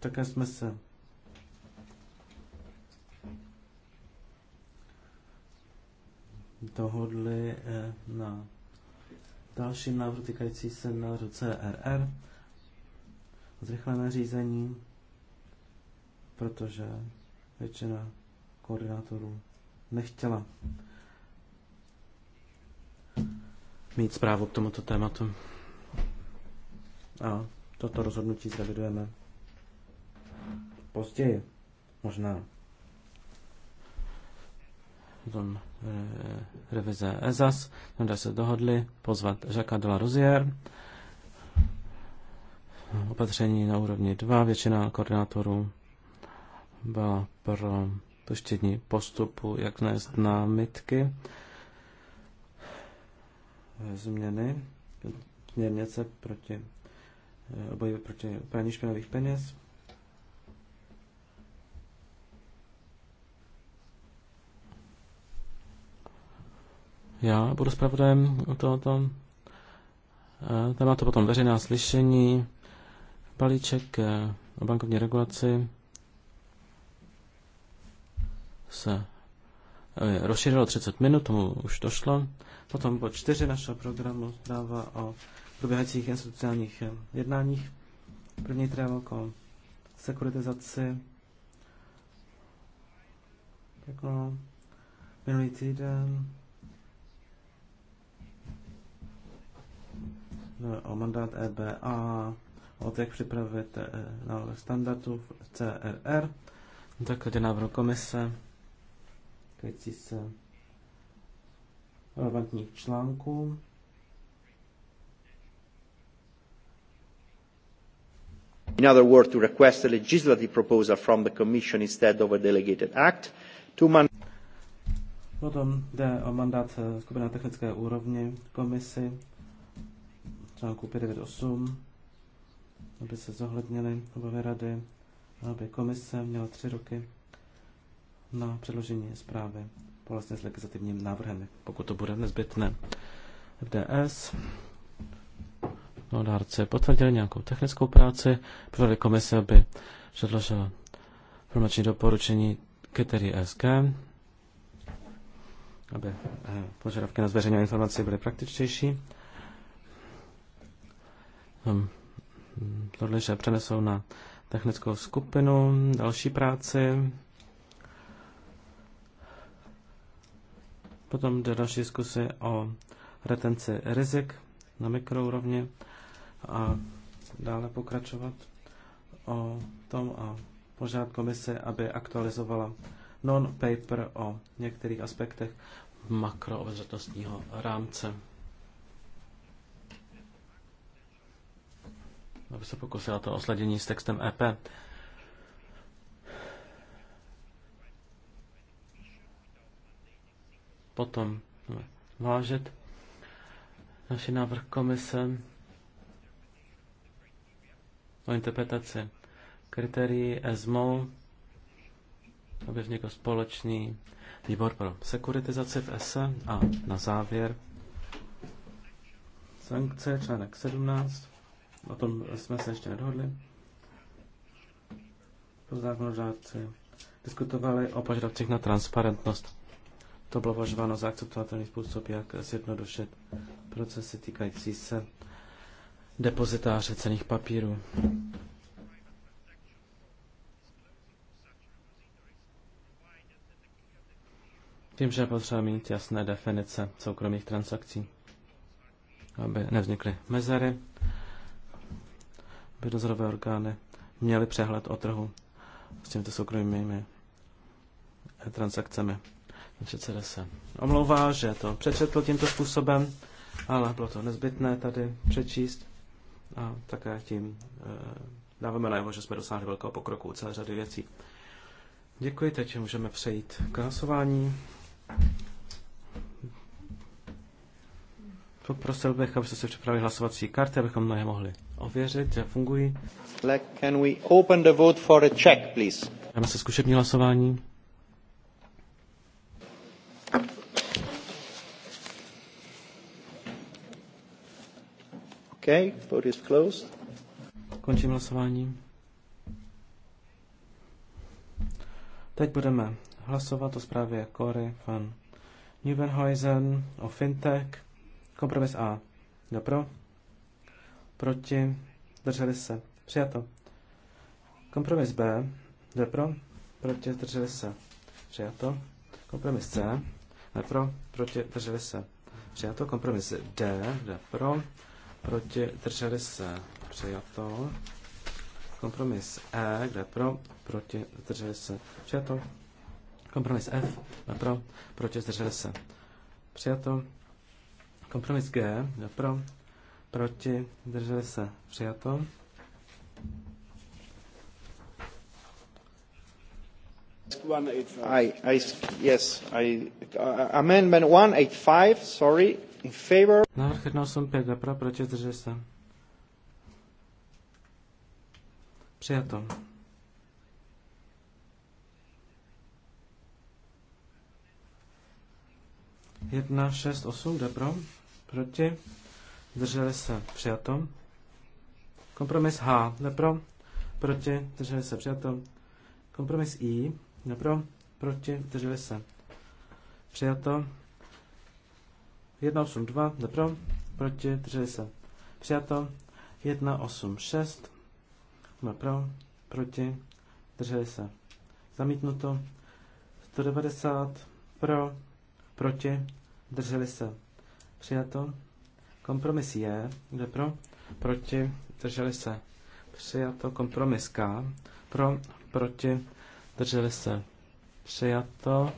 Také jsme se dohodli e, na dalším návrhu týkající se návrhu CRR zrychlené řízení, protože většina koordinátorů nechtěla mít zprávu k tomuto tématu. A toto rozhodnutí zrevidujeme později, možná potom eh, revize ESAS, kde se dohodli pozvat Žaka de la Rozier opatření na úrovni 2. Většina koordinátorů byla pro puštění postupu, jak nést námitky, změny, směrnice proti obojí eh, proti praní špinavých peněz. Já budu zpravodajem o tohoto eh, tématu, potom veřejná slyšení, Balíček eh, o bankovní regulaci se eh, rozšířilo 30 minut, tomu už to šlo. Potom bod 4 našeho programu zpráva o probíhajících institucionálních eh, jednáních. První trialog o sekuritizaci. Pěkno. Jako minulý týden. No, o mandát EBA od jak připravit eh, návrh standardů v CRR Tak základě návrh komise týkající se relevantních článků. In other words, to request a legislative proposal from the Commission instead of a delegated act. To man- Potom jde o mandát eh, skupiny technické úrovně komisi článku 598 aby se zohlednily obavy rady, aby komise měla tři roky na předložení zprávy vlastně s legislativním návrhem, pokud to bude nezbytné. FDS no, dárce potvrdili nějakou technickou práci, provedli komise, aby předložila informační doporučení kriterii SK, aby eh, požadavky na zveřejnění informací byly praktičtější. Hmm tohle, že přenesou na technickou skupinu, další práci. Potom jde další zkusy o retenci rizik na mikrourovni a dále pokračovat o tom a požádat komise, aby aktualizovala non-paper o některých aspektech makroobezřetnostního rámce. aby se pokusila to o s textem EP. Potom vážet naši návrh komise o interpretaci kritérií ESMO, aby vznikl společný výbor pro sekuritizaci v ESE a na závěr sankce, článek 17. O tom jsme se ještě nedohodli. Po zákonodárci diskutovali o požadavcích na transparentnost. To bylo považováno za akceptovatelný způsob, jak zjednodušit procesy týkající se depozitáře cených papírů. Tím, že je potřeba mít jasné definice soukromých transakcí, aby nevznikly mezery by dozorové orgány měly přehled o trhu s těmito soukromými eh, transakcemi. Předseda se omlouvá, že to přečetl tímto způsobem, ale bylo to nezbytné tady přečíst a také tím eh, dáváme najevo, že jsme dosáhli velkého pokroku u celé řady věcí. Děkuji, teď můžeme přejít k hlasování. Poprosil bych, abyste si připravili hlasovací karty, abychom na mohli ověřit, že fungují. Can we open the vote for a check, please? Dáme se zkušební hlasování. Okay, vote is closed. Končím hlasování. Teď budeme hlasovat o zprávě Kory van Nieuwenhuizen o fintech. Kompromis A. Kdo pro? proti, zdrželi se, přijato. Kompromis B, jde pro, proti, zdrželi se, přijato. Kompromis C, jde pro, proti, zdrželi se, přijato. Kompromis D, jde pro, proti, zdrželi se, přijato. Kompromis E, kde pro, proti, zdrželi se, přijato. Kompromis F, kde pro, proti, zdrželi se, přijato. Kompromis G, kde pro, proti, drželi se, přijato. I, I, yes, I, uh, amendment 185, sorry, in favor. Návrh 185, pro, proti, drželi se. Přijato. Jedna, šest, osm, jde pro, proti drželi se přijato. Kompromis H, nepro, proti, drželi se přijato. Kompromis I, nepro, proti, drželi se přijato. 182, nepro, proti, drželi se přijato. 186, nepro, proti, drželi se zamítnuto. 190 pro, proti, drželi se. Přijato. Kompromis je, jde pro, proti, drželi se. Přijato kompromis K, pro, proti, drželi se. Přijato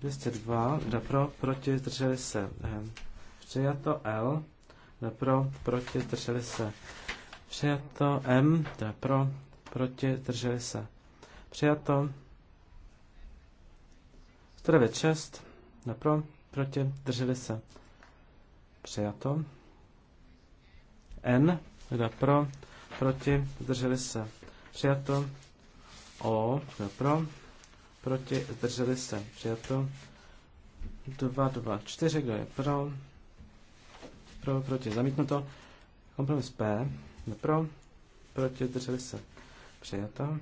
202, jde pro, proti, drželi se. Ehm, přijato L, jde pro, proti, drželi se. Přijato M, jde pro, proti, drželi se. Přijato 196, jde pro, proti, drželi se. Přijato. N, kdo pro, proti, zdrželi se. Přijato. O, kdo pro, proti, zdrželi se. Přijato. 2, 2, 4, kdo je pro, pro, proti, zamítnuto. Kompromis P, kdo pro, proti, zdrželi se. Přijato.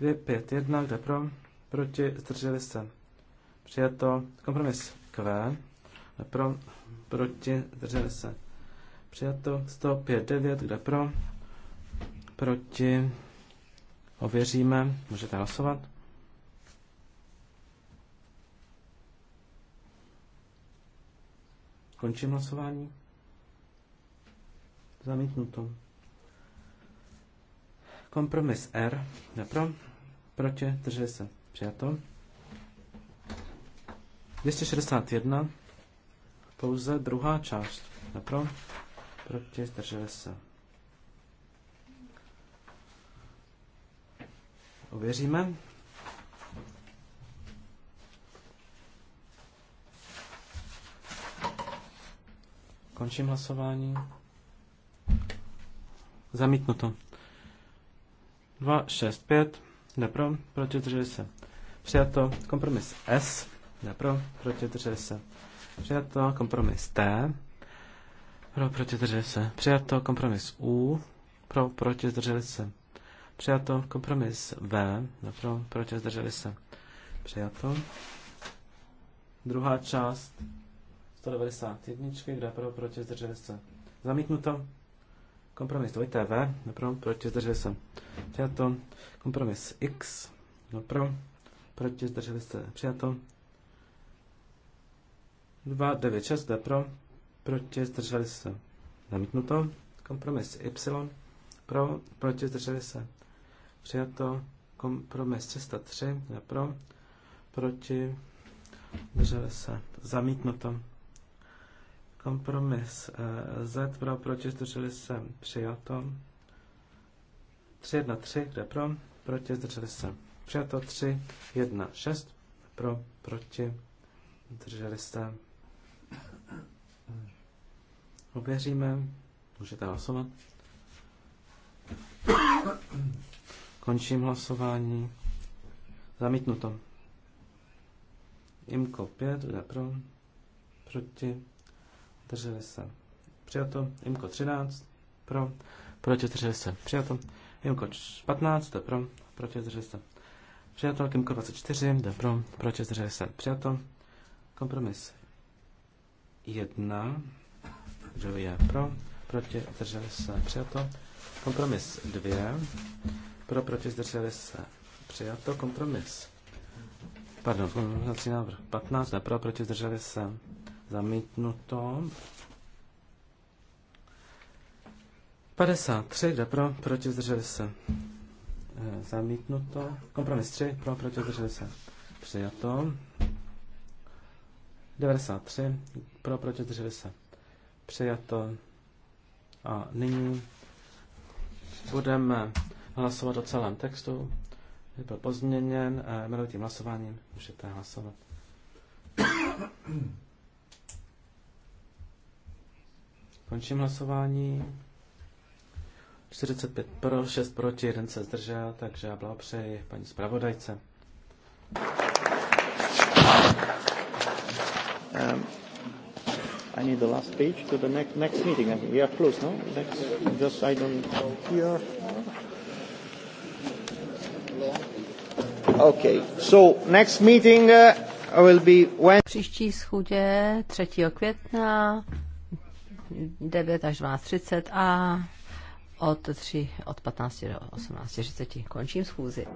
2, 5, 1, kdo pro, proti, zdrželi se. Přijato. Kompromis Q, pro, proti, zdrželi se. Přijato 159, kde pro, proti, ověříme, můžete hlasovat. Končím hlasování. Zamítnuto. Kompromis R, kde pro, proti, drží se. Přijato. 261 pouze druhá část. Napro? Proti zdržel se. Ověříme. Končím hlasování. Zamítnuto. 2, 6, 5. Nepro. proti drželi se. Přijato. Kompromis S. Nepro. proti drželi se. Přijato kompromis T. Pro, proti, zdrželi se. Přijato kompromis U. Pro, proti, zdrželi se. Přijato kompromis V. Pro, proti, zdrželi se. Přijato. Druhá část 191, kde pro, proti, zdrželi se. Zamítnuto. Kompromis 2 V. Pro, proti, zdrželi se. Přijato. Kompromis X. Pro, proti, zdrželi se. Přijato. 6, jde pro, proti zdrželi se zamítnuto. Kompromis Y pro, proti zdrželi se přijato. Kompromis 303 jde pro, proti zdrželi se zamítnuto. Kompromis eh, Z pro, proti zdrželi se přijato. 3, jde pro, proti zdrželi se přijato. 6, pro, proti zdrželi se Ověříme. Můžete hlasovat. Končím hlasování. Zamítnuto. Imko 5, kdo pro? Proti. Drželi se. Přijato. Imko 13, pro. Proti drželi se. Přijato. Imko 15, jde pro. Proti drželi se. Přijato. Imko 24, jde pro. Proti drželi se. Přijato. Kompromis 1. Kdo je pro? Proti? Zdrželi se? Přijato. Kompromis 2. Pro? Proti? Zdrželi se? Přijato. Kompromis. Pardon, kompromisací návrh 15. Pro? Proti? Zdrželi se? Zamítnuto. 53. Jde pro? Proti? Zdrželi se? Eh, zamítnuto. Kompromis 3. Pro? Proti? Zdrželi se? Přijato. 93. Pro? Proti? Zdrželi se? Přijato. A nyní budeme hlasovat o celém textu. Je byl pozměněn eh, tím hlasováním. Můžete hlasovat. Končím hlasování. 45 pro, 6 proti, 1 se zdržel, takže já blahopřeji paní zpravodajce. Um. I need the last page to the next next meeting. I think we are close, no? Next, just I don't here. Okay. So next meeting uh, will be when? Příští schůdě 3. května 9 až 12.30 a od 3, od 15 do 18.30 končím schůzi.